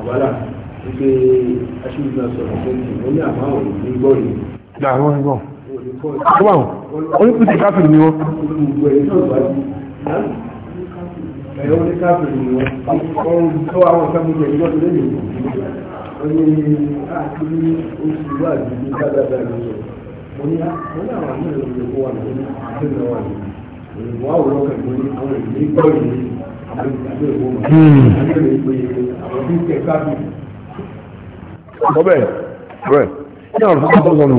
àbálà wípé aṣíwájú náà sọ̀rọ̀ pé wọ́n ní àmọ́ àwọn òní gbọ́ yìí. Dà wọ́n ń gbọ́. Kọ́bà wọn, onípìtì káfíìn ni wọ́n. Ẹ̀rọ ní káfíìn ni wọ́n. Ọrùn tó àwọn ìsàmúlò ẹ̀yìn lọ́dún lẹ́yìn òkú. Wọ́n ní àkíní oṣù wà ní dáadáa ló sọ. Mo ní àwọn àmì ìròyìn kó wà ní àbẹ̀lẹ̀ wà ní. Òyìnbó àwòrán kan ní àwọn ìlú gbọ́ yìí. Hmm. ọbẹ̀ rẹ̀ ní ọ̀rọ̀ fún ọ̀pọ̀ sọ̀nù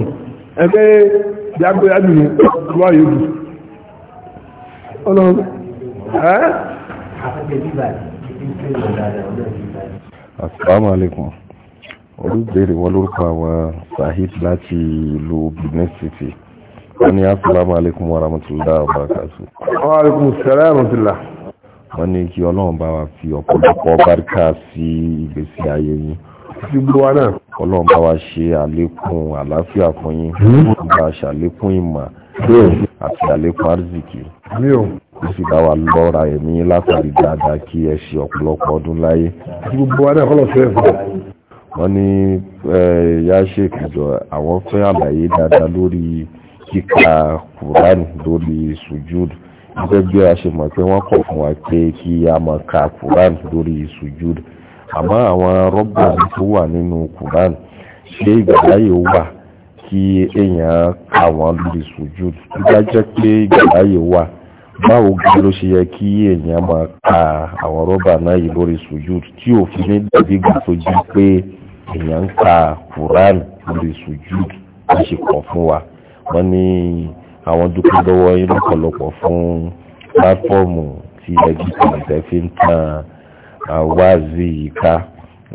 ẹgbẹ́ ìyàgbé àdùnú wà yóò ọlọ́run ẹ́ Assalamu alaikum olùbéèrè wọn lórúkọ àwọn Sahid láti ìlú Benin City wọ́n ní Assalamu alaikum warahmatullahi wabarakatuh. Wa alaikum assalam warahmatullahi wọ́n ní kí ọlọ́run bá wa fi ọ̀pọ̀lọpọ̀ bárkà sí ìgbésí ayé yín títí gbogbo wa náà ọlọ́run bá wa ṣe àlékún àlàáfíà fún yín bá a ṣàlékún ìmọ̀ àti àlékún arzikì ó sì bá wa lọ́ra ẹ̀mí látàrí dáadáa kí ẹ ṣe ọ̀pọ̀lọpọ̀ ọdún láyé títí gbogbo wa náà kọ́lọ̀ fẹ́ fún wọn ní ya ṣe ìkàjọ àwọn fẹ́ àlàyé dáadáa lórí kíka kùránì lórí sùjúdù gẹ́gẹ́ bí a ṣe mọ̀ pé wọ́n kọ̀ fún wa pé kí a máa ka quran lórí sujud àmọ́ àwọn rọ́bà tó wà nínú quran ṣé ìgbàláyè wà kí èèyàn kà wọ́n lórí sujud tó bá jẹ́ pé ìgbàláyè wà báwo gan ló ṣe yẹ kí èèyàn máa ka àwọn rọ́bà náà yìí lórí sujud tí òfin ní dàbí gbà tó jí pé èèyàn ka quran lórí sujud wọ́n fún wa wọ́n ní àwọn dúpẹ́ lọ́wọ́ yín lọ́pọ̀lọpọ̀ fún pápọ́ọ̀mù tí ẹgbẹ́ ìpìlẹ̀ fi ń tan àwáàzì yìí ká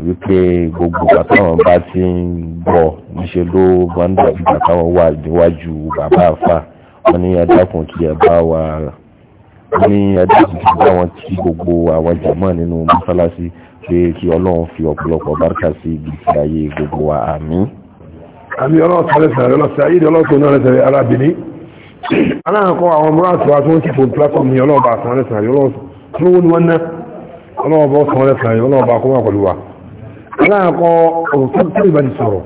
wípé gbogbo àtàwọn bá ti ń gbọ́ níṣẹ́ ló máa ń dàbí àtàwọn wà níwájú bàbá àfà wọn ní adákùn kí ẹ bá wa ní adákùn kí bá wọn kí gbogbo àwọn jàmọ́ nínú mọ́sálásí pé kí ọlọ́run fi ọ̀pọ̀lọpọ̀ bárkà sí ìgbésí ayé gbogbo wa àmín. àmì ọlọ́run sáré sáré ọlọ́sẹ̀ ayé ni ọlọ́sẹ̀ náà rẹ̀ sẹ̀rẹ̀ arábìnrin aláàkọ́ àwọn mọ́ràtí wa tó ń kìfò platform ní ọlọ́ọ̀bà àtàrẹ́sàrí olóòwò ni wọ́n ná ọlọ́ọ̀bà ọ̀sánrẹ́sàrí ọlọ́ọ̀bà kọ́wà pẹ̀lú wa aláàkọ́ ọ̀sánrẹ́sàrí ìbá ti sọ̀rọ̀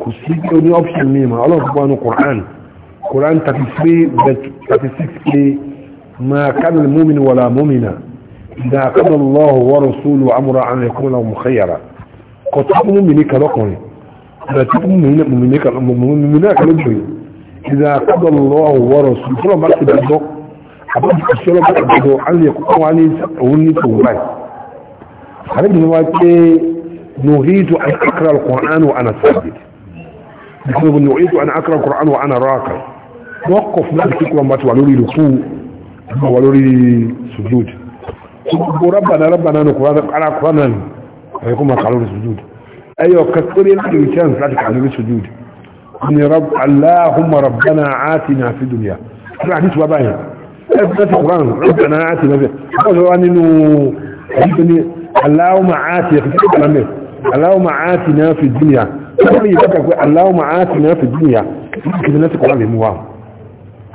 kò sí pé ó ní option mi ma ọlọ́ọ̀bà ní Qur'an Qur'an 36a ma kana al-mu'min wala mu'mina idha qada Allahu wa rasuluhu amra an yakuna lahum khayra kò tó mú mi ní kalọ́kùnrin bẹ̀rẹ̀ tó mú mi ní kalọ́kùnrin إذا قضى الله ورسوله صلى الله عليه وسلم حبيب الصلاة والسلام علي يقوم علي سأقولني فهماي حبيب نواتي نريد أن أقرأ القرآن وأنا ثابت نحن نريد أن أقرأ القرآن وأنا راكب وقف ما تقول ما تقول ركوع ما تقول سجود ربنا ربنا نقرأ القرآن ويقوم على قرآن السجود أيها كثيرين لا يمكن أن تقرأ سجود ni rab allahumma rabbana atina fi dunya ra hadith wa bayan ẹgbẹ́ ti quran rabbana atina fi ọjọ́ wa nínú ẹgbẹ́ allahumma atina fi dunya allahumma atina fi dunya ọjọ́ yìí baka pé allahumma atina fi dunya kìí láti quran mu wa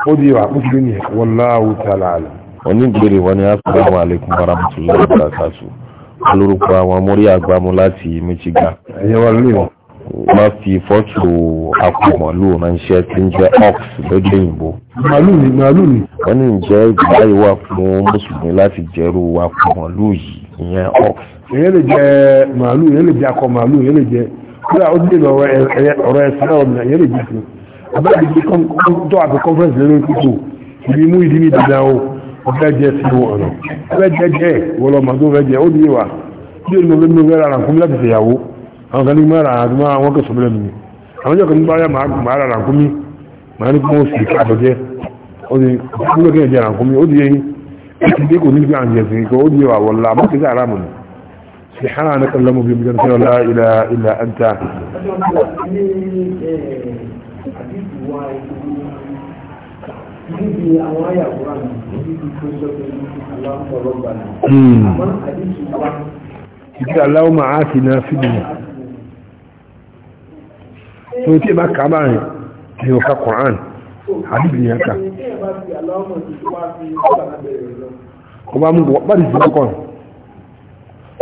ó di wa kúkú ní wallahu ta'ala ala wani gbere wani assalamu alaikum wa rahmatullahi wa barakatuh alorúkọ àwọn amórí àgbàmú láti michigan ẹ̀yẹ́wà lóyún wọ́n fi fọ́tò akọ màálù ránṣẹ́ tí ń jẹ́ ox lójú òyìnbó. màálù ni màálù ni. wọ́n ní ìjẹ́ ìgbàláyé wà fún mùsùlùmí láti jẹ́rú akọ màálù yìí ìyẹn ox. èyí lè jẹ màálù èyí lè jẹ akọ màálù èyí lè jẹ kódà ó dé ọ̀rọ̀ ẹ̀sìn náà ọ̀nà èyí lè jẹ fún un. abáyé ti tó àbí conference lórí kíkó ìdí mú ìdí ní dandan o ọ̀fẹ́ jẹ sí ọ̀nà ọ̀fẹ́ jẹ jẹ wọlọ́mọdún fẹ́ jẹ ó ní ìwà bí àwọn kan ní mọ́ ara àti máa wọ́n kẹ́ sọ́bílẹ̀ mi àwọn jẹ́ kan ní báyà máa ra ràkúnmí máa ní kí wọ́n sì ká àtọ́jẹ́ kí ẹ̀jẹ̀ ràkúnmí ó di yẹn ìdí kò ní fi àwọn jẹ̀sìn kò ó di wà wọ́n bá ti sára mọ̀ sí hàrá ní kan lọ́mọ bí mìíràn sẹ́wọ́n lá àwọn àyàwó rà níbi tó sọ pé aláwọ̀ ọlọ́gbà náà àmọ́ àdéhùn wa. ìdí aláwọ̀ máa ti náà fìdí tó tí bá kà báyìí ni ó ka Qur'an àbíbì yẹn kà kò bá mú bá ti sìnkú kan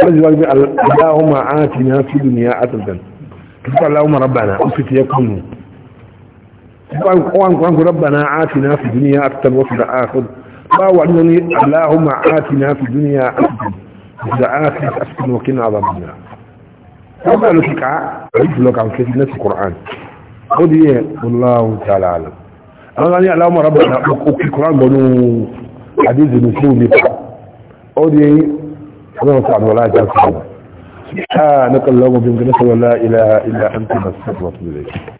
bá ti wáyé aláhùnmá àti ní àti dùnìyà àtàtàn kíkọ́ aláhùnmá rabbana ó fi ti yẹ kúnnù وأنك ربنا آتنا في الدنيا أكثر وفي الآخر فأولني اللهم آتنا في الدنيا أكثر وفي الآخر أكثر وكنا عظمنا wọ́n bẹ̀rẹ̀ ló ti ká àbí jùlọ kà ń ké nẹ́sì Qur'an ó di yẹ Allahu ta'ala alam àwọn ní aláwọ̀ rábà náà òkè Qur'an bọ̀ nù àdéhùn ní fún mi pa ó di yẹ ọlọ́run sọ àdúrà láti àkùrọ̀ ah nàkàlọ́wọ́ bí n kẹ́ nẹ́sọ̀rọ̀ la ilaha illa anta nastaghfiruka